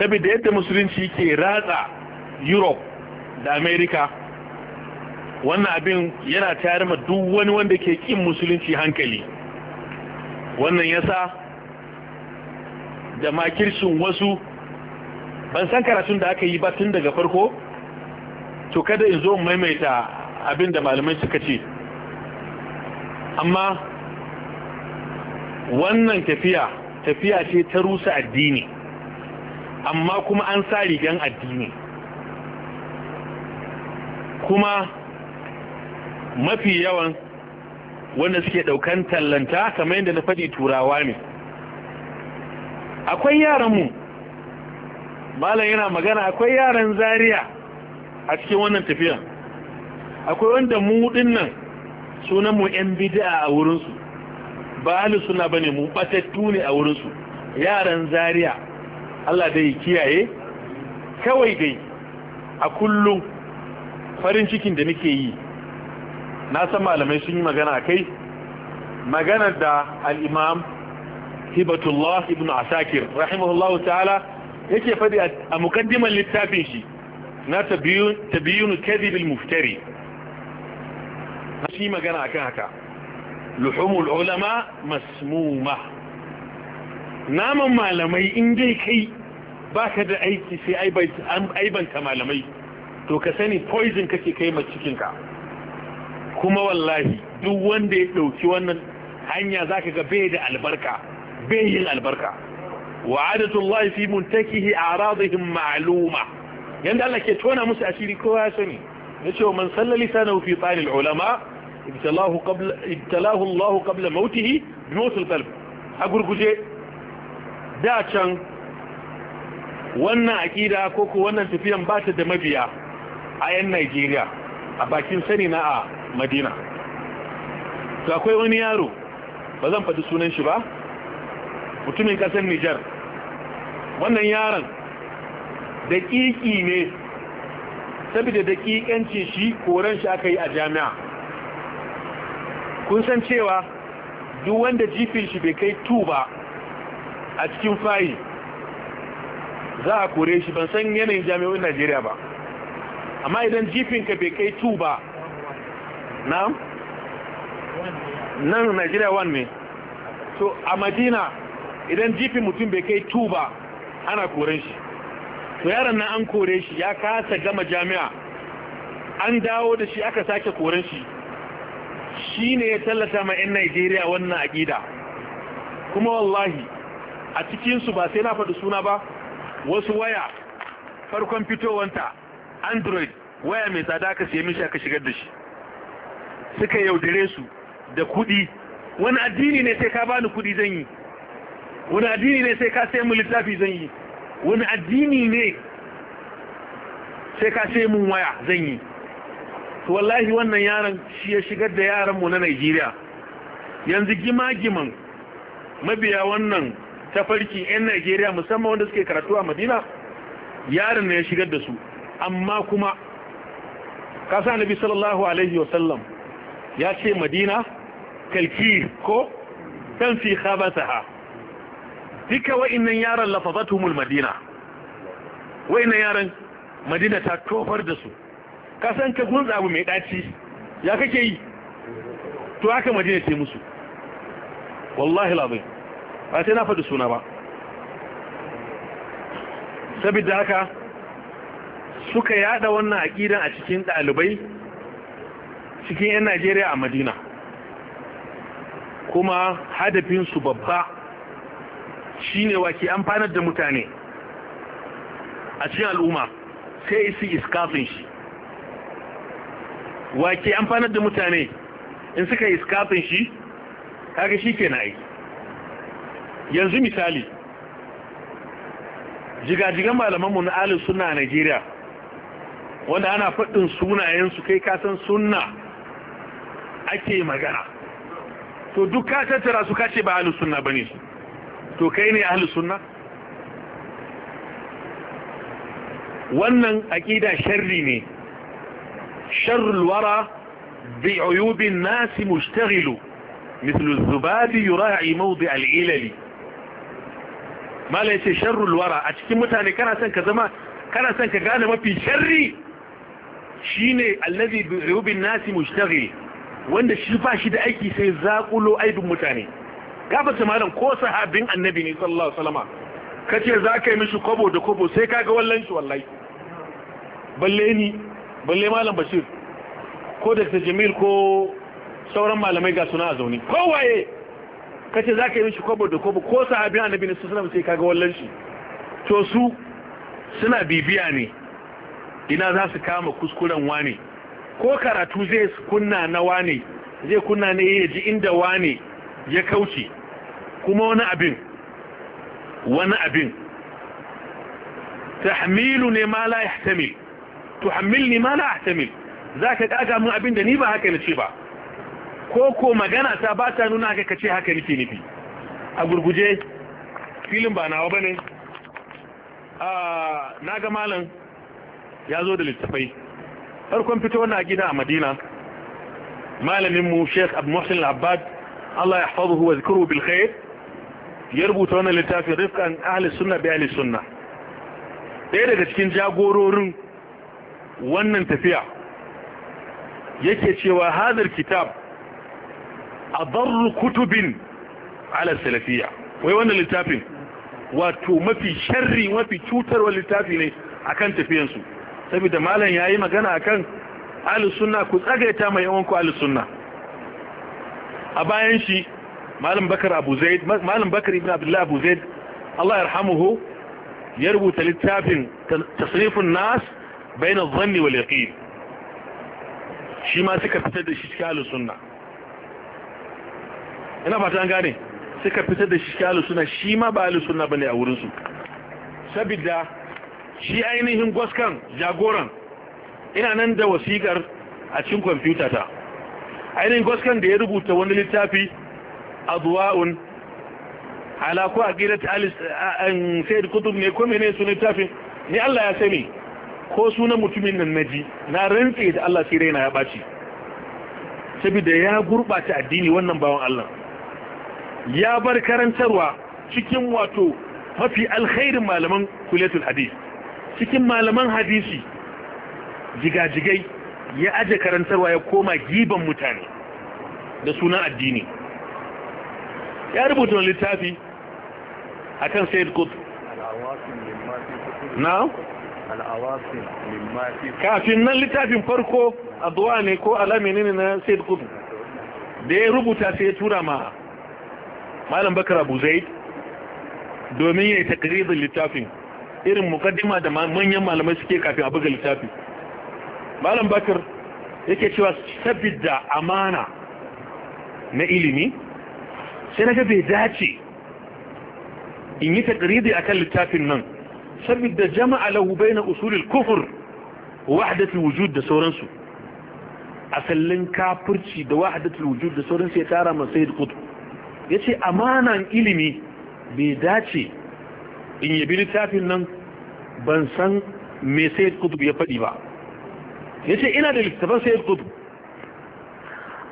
saboda yadda musulunci ke ratsa europe da america wannan abin yana tayar ma duk wani wanda ke kin musulunci hankali wannan yasa da makircin wasu ban san karatun da aka yi ba tun daga farko to kada in zo in maimaita abin da malamai suka ce amma wannan tafiya tafiya ce ta rusa addini amma kuma an sa rigan addini kuma mafi yawan wanda suke daukan tallanta kamar yadda na faɗi turawa ne akwai yaranmu malam yana magana akwai yaran zariya a cikin wannan tafiya akwai wanda mu dinnan sunan mu yan bid'a a wurinsu ba suna ba bane mu batattu ne a wurinsu yaran zariya Allah dai kiyaye kawai dai a kullum farin cikin da nake yi na san malamai sun yi magana kai magana da al-imam hibatullah ibn asakir rahimahullahu ta'ala yake fadi a mukaddiman littafin shi na tabiyun kadhib al-muftari shi magana akan haka luhumul ulama masmuma naman malamai in dai kai baka da aiki sai aibanta malamai to ka sani poison kake kai ma cikinka kuma wallahi duk wanda ya dauki wannan hanya zaka ga bai da albarka bai yin albarka wa'adatullahi fi muntakihi a'radihim ma'luma yanda Allah ke tona musu asiri kowa ya sani yace man salla lisanahu fi talil ulama ibtalahu qabla ibtalahu Allah qabla mautihi bi mawsil qalb a gurguje da can wannan akida ko ko wannan tafiyan ba ta da mabiya a yan Najeriya a bakin sani na a Madina to akwai wani yaro ba zan faɗi sunan shi ba mutumin kasar nijar wannan yaron daƙiƙi ne saboda daƙiƙanci shi koren shi aka yi a jami'a kun san cewa duk wanda jifin shi bai kai tu ba a cikin fayi za a kore shi ban san yanayin jami'o'in najeriya ba amma idan jifin ka bai kai tu ba na nan najeriya wani ne so a madina idan jifin mutum bai kai tu ba ana koren shi to yaron nan an kore shi ya kasa gama jami'a an dawo da shi aka sake koren shi shi ne ya tallata ma 'yan Najeriya wannan aƙida kuma wallahi a cikinsu ba sai na faɗi suna ba wasu waya farkon fitowanta android waya mai tsada ka siya mishi aka shigar da shi suka yaudare su da kuɗi wani addini ne sai ka bani kuɗi zan yi wani addini ne sai ka sai mu littafi zan yi wani addini ne sai ka sai mun waya zan yi to wallahi wannan yaran shi ya shigar da yaran mu na Najeriya yanzu gima-giman mabiya wannan tafarki yan Najeriya musamman wanda suke karatu a Madina yaron ne ya shigar da su amma kuma kasa Nabi sallallahu alaihi wasallam ya ce Madina kalki ko tanfi khabasaha duka wa'innan yaran lafazatuhumul madina wa'innan yaran madina ta tofar da su ka san ka gun abu mai daci ya kake yi to haka madina ce musu wallahi labai ba sai na faɗi suna ba saboda haka suka yada wannan aqidan a cikin ɗalibai cikin 'yan najeriya a madina kuma hadafin su babba ne wa ke amfanar da mutane a cikin al'umma sai isi iskafin shi wa ke amfanar da mutane in suka iskafin shi haka shi ke na aiki yanzu misali jigajigan malamanmu na alin suna a Najeriya wanda ana faɗin sunayensu kai kasan suna ake magana to duk ka tattara su kace ba alin suna bane su to kai ne ahli sunna wannan aqida sharri ne sharrul wara bi uyubin nas mushtaghilu مثل الذباب يراعي موضع العلل ما ليس شر wara a cikin mutane kana son ka zama kana son ka gane mafi sharri shine allazi bi rubin nasi mushtaghil wanda shi ba shi da aiki sai zakulo aibin mutane gafata malam ko sahabin annabi ne sallallahu alaihi ka kace za ka yi mishi kobo da kobo sai kaga wallan shi wallahi balle ni balle malam bashir ko da jamil ko sauran malamai ga suna a zaune kowaye kace za ka yi mishi kobo da kobo ko sahabin annabi ne sallallahu alaihi wasallama sai kaga wallan shi to su suna bibiya ne ina za su kama kuskuren wane ko karatu zai kunna na wane zai kunna ne ya ji inda wane ya kauce kuma wani abin wani abin tahmilu ne ma la yahtamil tuhammil ne ma la za zaka kaga mun abin da ni ba haka nace ba ko ko magana ta ba ta nuna haka kace haka nake nufi a gurguje filin ba nawa bane a naga malam ya zo da littafai farkon fito na gida a Madina malamin mu Sheikh Abdul Muhsin Al-Abbad Allah ya hafazuhu wa zikruhu bil khair ya rubuta wannan littafin rifkan ahli sunna bi ahli sunna ɗaya daga cikin jagororin wannan tafiya yake cewa hadar kitab adarru kutubin ala salafiyya wai wannan littafin wato mafi sharri mafi cutarwa littafi ne akan tafiyansu saboda malam ya yi magana akan ahli sunna ku tsagaita mai yawanku ku ahli a bayan shi malam bakar abu zaid malam bakar ibn abdullah abu zaid Allah yarhamuhu ya rubuta littafin tasrifun nas bayan zanni wal yaqin shi ma suka fitar da shi cikin ahlus sunna ina fata an gane suka fitar da shi cikin ahlus sunna shi ma ba ahlus sunna bane a wurin su sabida shi ainihin gwaskan jagoran ina nan da wasikar a cikin kwamfuta ta ainihin goskan da ya rubuta wani littafi a zuwa'un alaku a gidan an sayar kutub ne kome ne su littafin ni Allah ya sani ko sunan mutumin nan naji na rantse da Allah sai raina ya ɓaci saboda ya gurɓata addini wannan bawan Allah ya bar karantarwa cikin wato mafi alkhairin malaman kuletul hadis cikin malaman hadisi jigajigai ya aje karantarwa ya koma giban mutane da sunan addini ya rubuta wani littafi a kan sayid kut na kafin nan littafin farko a zuwa ne ko alamini ne na sayid kut da ya rubuta sai ya tura ma malam bakar abu zai domin ya yi takarizin littafin irin mukaddima da manyan malamai suke kafin a buga littafi malam bakar yake cewa sabidda amana na ilimi sai na ga bai dace in yi takridi akan littafin nan sabidda jama'a lahu na usulil kufur wahdatul wujud da sauransu asallin kafirci da wahdatul wujud da sauransu ya tara masa sayyid qutb yace amanan ilimi bai dace in yabi littafin nan ban san me sayyid qutb ya faɗi ba ya ce ina da littafan ya gudu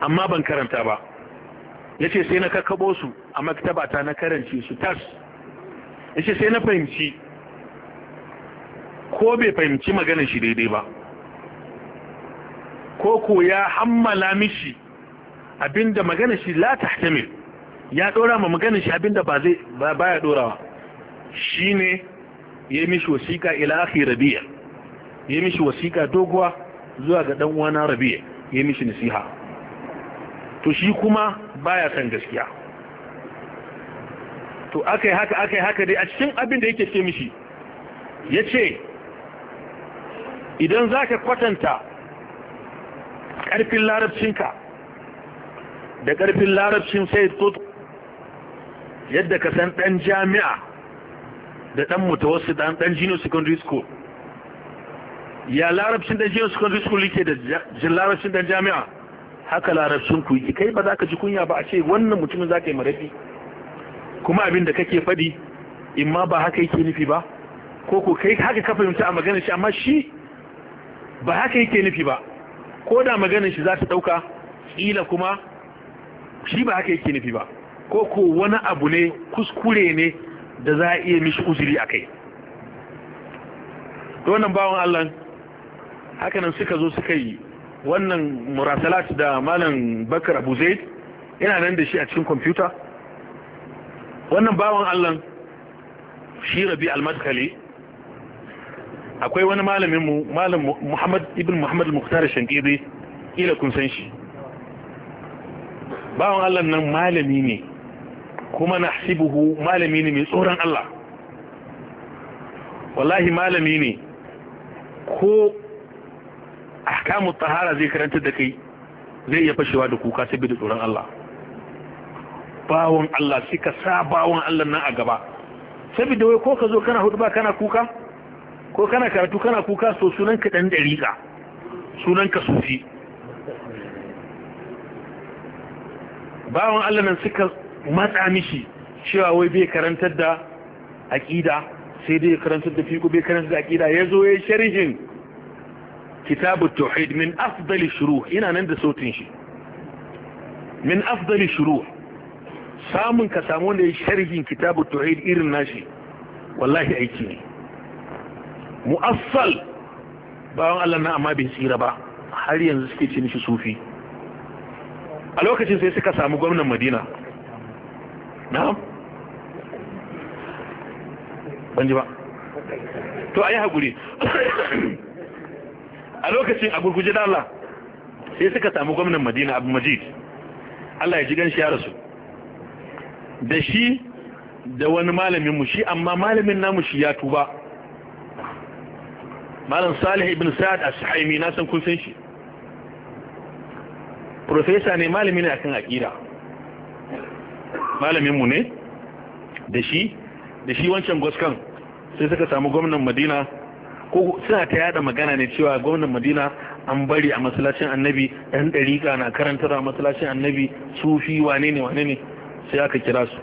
amma ban karanta ba ya ce sai na kakabo su a maktabata na karanci su tas ya ce sai na fahimci ko bai fahimci maganin shi daidai ba ko ko ya hammala mishi abinda maganin shi la tahtamil ya dora ma maganin shi abinda ba zai baya dorawa ya yi mishi wasiƙa ila akhi ya yi mishi wasiƙa doguwa zuwa ga dan uwana rabi'a ya mishi nasiha to shi kuma baya san gaskiya to akai haka akai haka dai a cikin abin da yake ce mishi yace idan zaka kwatanta karfin larabcinka da karfin larabcin sai to yadda ka san dan jami'a da dan mutawassit dan dan junior secondary school ya larabcin da jiya sukan school yake da larabcin da jami'a haka larabcin ku yi kai ba za ka ji kunya ba a ce wannan mutumin za ka yi marafi kuma abin da kake faɗi in ma ba haka yake nufi ba ko ko kai haka ka fahimta a maganar shi amma shi ba haka yake nufi ba ko da maganar shi za ta ɗauka ƙila kuma shi ba haka yake nufi ba ko ko wani abu ne kuskure ne da za a iya mishi uzuri a kai wannan bawan Allah hakanan suka zo suka yi wannan murasalat da malam bakar abu zaid yana nan da shi a cikin kwamfuta wannan bawan allon shi rabi almadkali akwai wani malaminmu malam muhammad ibn muhammad al-mukhtar shankiri ila kun san shi bawan allon nan malami ne kuma na hasibuhu malami ne mai tsoron allah wallahi malami ne ko ahkamu tahara zai karanta da kai zai iya fashewa da kuka saboda tsoron Allah bawon Allah sai ka sa bawon Allah nan a gaba da wai ko ka zo kana hudu ba kana kuka ko kana karatu kana kuka so sunan ka dan dariqa sunan ka sufi bawon Allah nan suka matsa mishi cewa wai bai karantar da aqida sai dai karantar da fiqo bai karantar da aqida yazo yayin sharhin kitabu tauhid min afdali shuru ina nan da sautin shi min afdali shuru samun ka samu wanda ya sharhin kitabu tauhid irin nashi wallahi aiki ne mu'assal bawan Allah na amma bai tsira ba har yanzu suke ce mishi sufi a lokacin sai suka samu gwamnan Madina na'am ban ji ba to ayi hakuri a lokacin a gurguje da Allah sai suka samu gwamnan madina abu majid Allah ya ji gan shiyar ya rasu da shi da wani malamin mu shi amma malamin namu shi ya tuba malam salih ibn sa'ad as-suhaimi na san kun san shi Profesa ne malami ne akan akira malamin mu ne da shi da shi wancan goskan sai suka samu gwamnan madina ko suna ta yada magana ne cewa gwamnan madina an bari a masallacin annabi dan dariƙa na karantar a masallacin annabi sufi wane ne wane ne sai aka kira su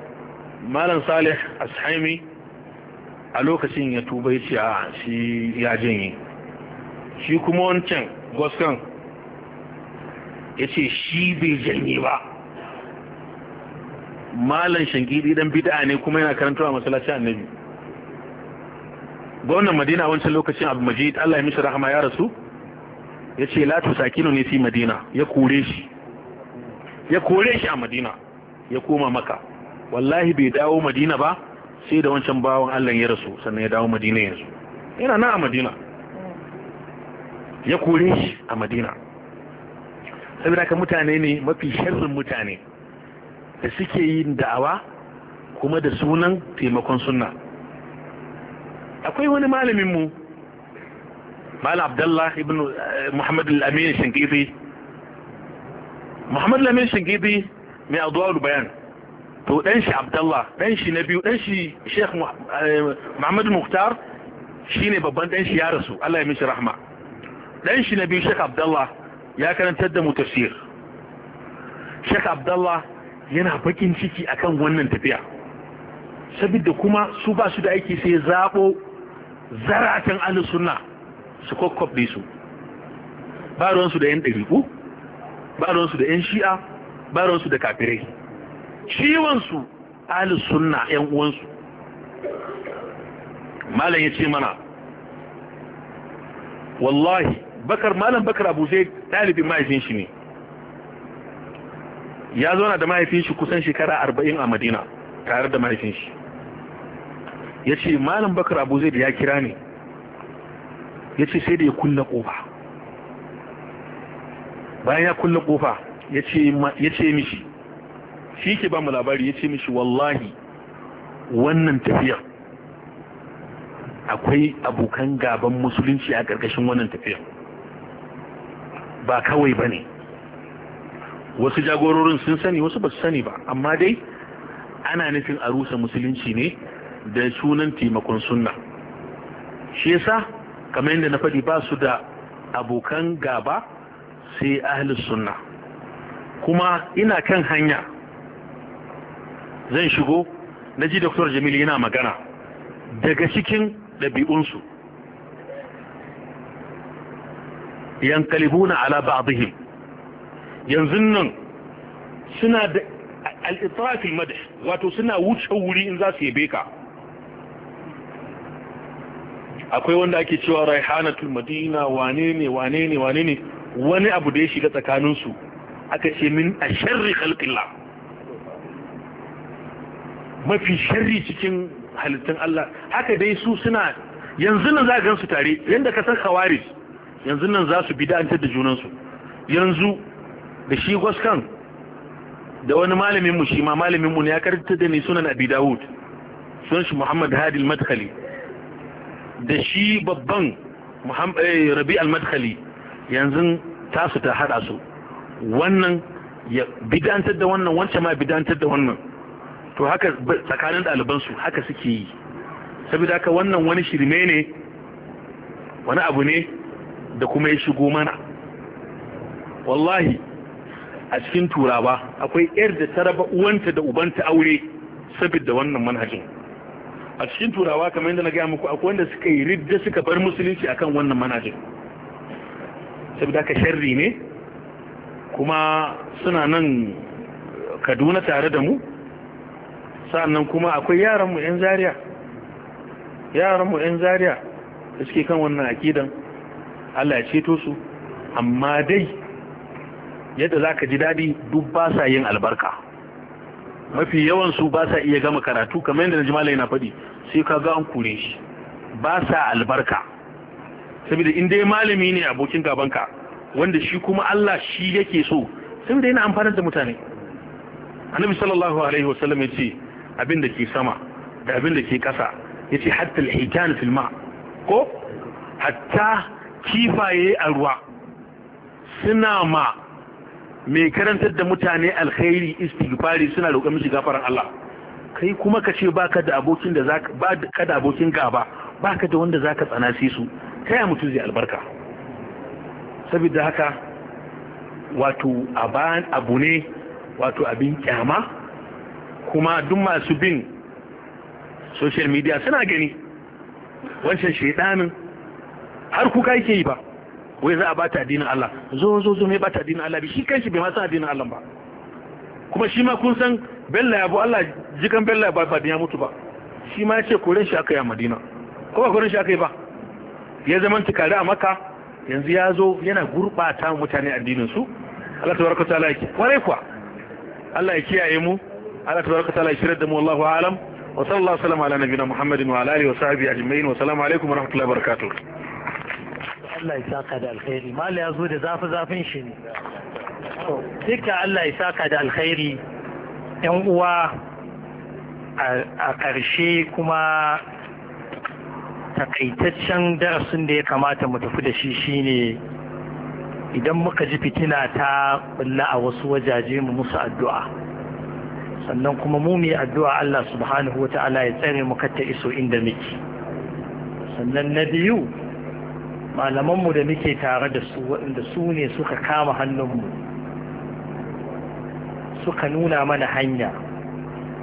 malam salih ashaimi a lokacin ya tuba ya ce a shi ya janye shi kuma wancan goskan ya ce shi bai janye ba malam shangidi dan bid'a ne kuma yana karantar a masallacin annabi gwamnan madina wancan lokacin abu majid allah ya mishi rahama ya rasu ya ce latu sakinu ne fi madina ya kore shi ya kore shi a madina ya koma maka wallahi bai dawo madina ba sai da wancan bawan allah ya rasu sannan ya dawo madina yanzu yana na a madina ya kore shi a madina saboda ka mutane ne mafi shirin mutane da suke yin da'awa kuma da sunan taimakon sunna akwai wani malamin mu malam abdullah ibn eh, muhammad al-amin shingibi muhammad al-amin shingibi mai adwar bayan to dan shi abdullah dan shi na biyu dan shi sheikh eh, muhammad muhtar shine babban dan shi ya rasu Allah ya mishi rahma dan shi na biyu sheikh abdullah ya karanta da mu tafsir sheikh abdullah yana bakin ciki akan wannan tafiya saboda kuma su ba su da aiki sai zabo zaratan alisunna su kokkobbe su ba ruwansu da yan ɗariku ba ruwansu da yan shi'a ba ruwansu da kafirai ciwonsu alisunna yan uwansu malam ya ce mana wallahi bakar malam bakar abu sai ɗalibin mahaifin shi ne ya zo na da mahaifin shi kusan shekara arba'in a madina tare da mahaifin shi ya ce malam bakar abu zai da ya kira ne ya ce sai da ya kulle kofa bayan ya kulle kofa ya ce mishi shi ke ba mu labari ya ce mishi wallahi wannan tafiyar akwai abokan gaban musulunci a ƙarƙashin wannan tafiyar ba kawai ba ne wasu jagororin sun sani wasu ba su sani ba amma dai ana nufin a rusa musulunci ne da sunan taimakon sunna shi yasa kamar yadda na faɗi ba su da abokan gaba sai ahli sunna kuma ina kan hanya zan shigo na ji Dr. Jamilu yana magana daga cikin ɗabi'unsu yankalibuna ala ba'dihim yanzu nan suna da al'itrafil madah wato suna wuce wuri in za su yabe ka akwai wanda ake cewa raihanatul madina wane ne wane ne wane ne wani abu da ya shiga tsakaninsu aka ce min a sharri halƙilla mafi sharri cikin halittun Allah haka dai su suna yanzu nan za a gansu tare yadda ka san khawarij yanzu nan za su an da junansu yanzu da shi gwaskan da wani malaminmu shi ma malaminmu ne ya karanta da ni sunan abi dawud sunan shi muhammad hadil matkali da shi babban eh, rabi al-madkhali yanzu tasu ta hada su wannan ya bidantar da wannan wancan ma bidantar da wannan to haka tsakanin ɗalibansu haka suke yi saboda haka wannan wani shirme ne wani abu ne da kuma ya shigo mana wallahi a cikin turawa akwai yar da ta raba uwanta da ubanta aure saboda wannan manhajin a cikin turawa kamar yadda na gaya muku akwai wanda suka yi ridda suka bar musulunci akan wannan manajin saboda ka sharri ne kuma suna nan kaduna tare da mu sa'annan kuma akwai yaranmu 'yan zariya yaranmu 'yan zariya da suke kan wannan akidan allah ya ceto su amma dai yadda zaka ji daɗi duk ba sa yin albarka mafi yawan su ba sa iya gama karatu kamar yadda najmala yana faɗi sai ka ga an kure shi ba sa albarka saboda in dai malami ne abokin gabanka wanda shi kuma Allah shi yake so saboda yana amfanar da mutane annabi sallallahu alaihi wasallam yace abin da ke sama da abin da ke kasa yace hatta al-hitan fil ma ko hatta kifaye a ruwa suna ma mai karantar da mutane alkhairi istighfari suna roƙon mishi gafaran Allah kai kuma ka ce baka da abokin da zaka ba ka da abokin gaba baka da wanda zaka tsana sai su kai mutu zai albarka saboda haka wato aban abu ne wato abin kyama kuma duk masu bin social media suna gani wancan shedanin har kuka yake yi ba wai za a bata addinin Allah zo zo zo mai bata addinin Allah bi shi kanshi bai ma san addinin Allah ba kuma shi ma kun san bella ya bu Allah jikan bella ba ba ya mutu ba shi ma ya ce koren shi aka yi a Madina ko ba koren shi aka yi ba ya zama tukare a Makka yanzu ya zo yana gurbata mutane addinin su Allah tabaraka ta'ala yake kware kuwa Allah ya kiyaye mu Allah tabaraka ta'ala ya shirar da mu wallahu alam wa sallallahu alaihi wa sallam ala nabiyina Muhammadin wa ala alihi wa sahbihi ajma'in wa assalamu alaikum wa rahmatullahi wa barakatuh Allah ya saka da alkhairi mala ya zo da zafi zafin shi ne duka Allah ya saka da alkhairi yan uwa a ƙarshe kuma takaitaccen darasin da ya kamata mu tafi da shi shine idan muka ji fitina ta bulla a wasu wajaje mu musu addu'a sannan kuma mu mai addu'a Allah subhanahu wa ya tsare mu ta iso inda muke sannan na biyu malamanmu da muke tare da su waɗanda su ne suka kama hannunmu suka nuna mana hanya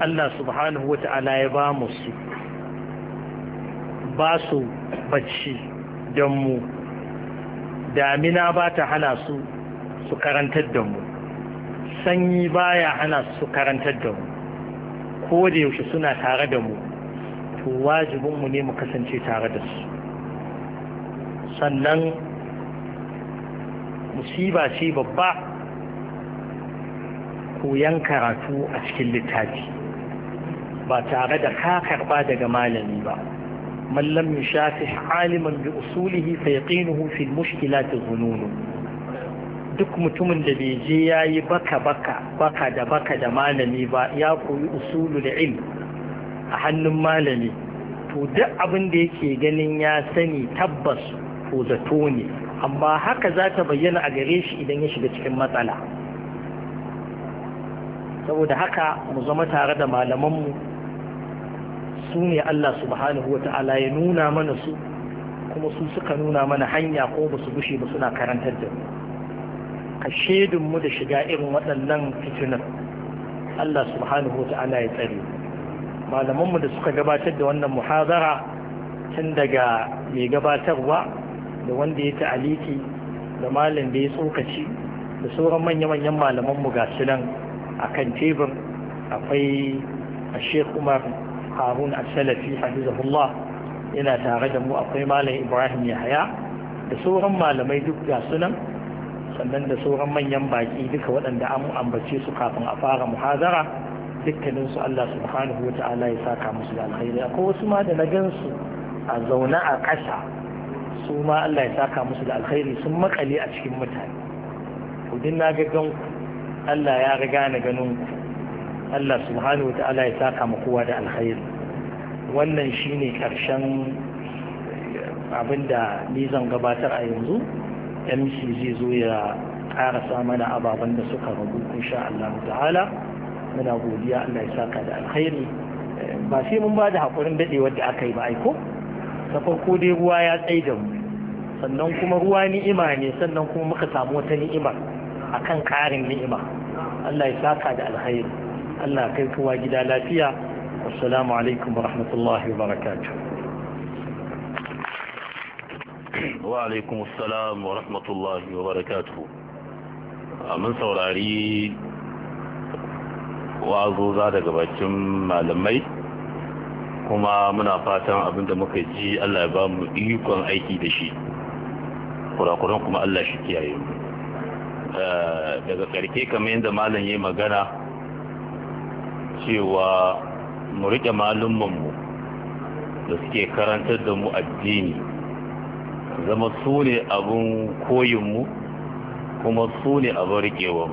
Allah subhanahu wa ta'ala ya ba mu su ba su bacci don mu damina ba ta hana su su karantar da mu sanyi baya hana su karantar da mu ko da yaushe suna tare da mu to wajibinmu ne mu kasance tare da su sannan musiba ce babba koyan karatu a cikin littafi ba tare da ka karba daga malami ba mallam shafi aliman bi usulihi fa yaqinuhu fi mushkilat zununu duk mutumin da bai je yayi baka baka baka da baka da malami ba ya koyi usulul ilm a hannun malami to duk abin da yake ganin ya sani tabbas ko ne amma haka za ta bayyana a gare shi idan ya shiga cikin matsala saboda haka mu zama tare da malamanmu su ne Allah subhanahu wa ta'ala ya nuna mana su kuma su suka nuna mana hanya ko ba su bushe ba suna karantar da mu ka shaidunmu da shiga irin waɗannan fitinar Allah subhanahu wa ta'ala ya tsare malamanmu da suka gabatar da wannan muhazara tun daga mai gabatarwa da wanda ya ta'aliki da malam da ya tsokaci da sauran manya-manyan malaman mu gasu nan a kan tebur akwai a sheikh umar harun a salafi hafizahullah yana tare da mu akwai malam ibrahim yahaya da sauran malamai duk gasu nan sannan da sauran manyan baki duka waɗanda an ambace su kafin a fara muhazara dukkaninsu Allah subhanahu wa ta'ala ya saka musu da alkhairi akwai wasu ma da na gansu a zaune a ƙasa su ma Allah ya saka musu da alkhairi sun makale a cikin mutane kudin na gaggan Allah ya riga na ganin Allah subhanahu wata'ala ya saka mu kowa da alkhairi wannan shine karshen eh, abinda ni zan gabatar a yanzu mc zai zo ya karasa mana ababen da suka rabu insha Allah ta'ala muna godiya Allah ya saka da alkhairi eh, ba sai mun ba da haƙurin daɗewar da aka yi ba aiko da farko dai ruwa ya tsaye da mu sannan kuma ruwa ni'ima ne sannan kuma muka samu wata ni'ima akan karin ni'ima Allah ya saka da alkhairi Allah kai kowa gida lafiya assalamu alaikum wa rahmatullahi wa barakatu. wa alaikum assalam wa rahmatullahi wa barakatuh mun saurari wa'azoza daga bakin malamai kuma muna fatan abinda muka ji Allah ya ba mu ikon aiki da shi kurakuran kuma Allah shi kiyaye mu eh, daga karke kamar yadda malam yayi magana cewa mu rike malumman mu da suke karanta da mu addini zama su ne abun koyin kuma su ne abun rikewa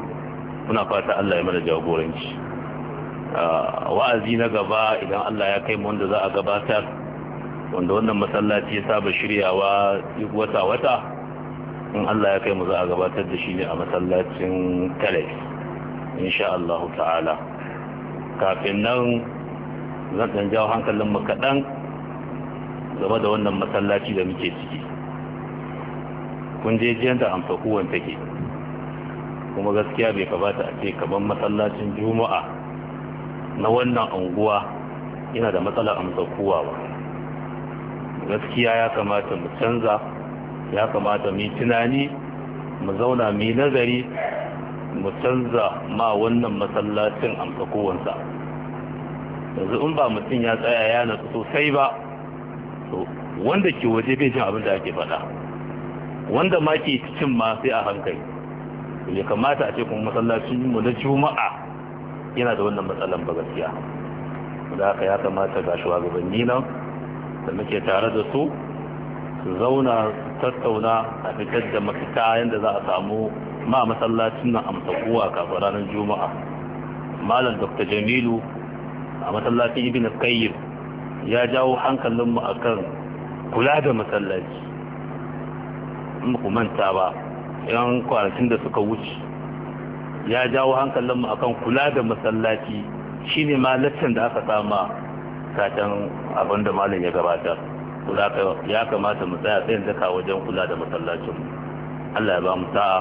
muna fata Allah ya mana jagoranci Ah, wa'azi na gaba idan Allah ya kai mu wanda za a gabatar wanda wannan masallaci ya saba shiryawa duk wata-wata in Allah ya kai mu za a gabatar da shi ne a masallacin tare insha Allah ta'ala kafin nan zan ɗan jawo hankalin mu kaɗan game da wannan masallaci da muke ciki kun je da amfakuwan take kuma gaskiya bai kamata a ce kamar masallacin juma'a na wannan unguwa yana da matsala amsa ba gaskiya ya kamata mu canza ya kamata mu tunani mu zauna mu nazari mu canza ma wannan masallacin amsa kowansa yanzu in ba mutum ya tsaya ya natsu sosai ba wanda ke waje bai jin abin da ake faɗa wanda ma ke cikin ma sai a hankali ya kamata a ce kuma masallacin mu na juma'a yana da wannan matsalan ba gaskiya da haka ya kamata ga shugabanni nan da muke tare da su su zauna tattauna a fitar da mafita yadda za a samu ma masallacin nan amsa kuwa kafin ranar juma'a malam dr jamilu a masallacin ibn qayyim ya jawo hankalinmu akan kula da masallaci in ku manta ba yan kwanakin da suka wuce ya jawo hankalinmu akan kula da masallaci shine ma da aka sama satan abin da malam ya gabatar ya kamata mu tsaya tsayin zaka wajen kula da masallacin Allah ya ba mu sa'a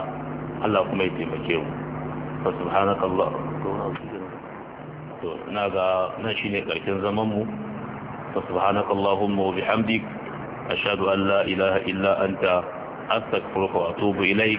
Allah kuma ya taimake mu fa subhanakallah to na ga nan shine karshen zaman mu fa subhanakallahumma wa bihamdik ashhadu an la ilaha illa anta astaghfiruka wa atubu ilaik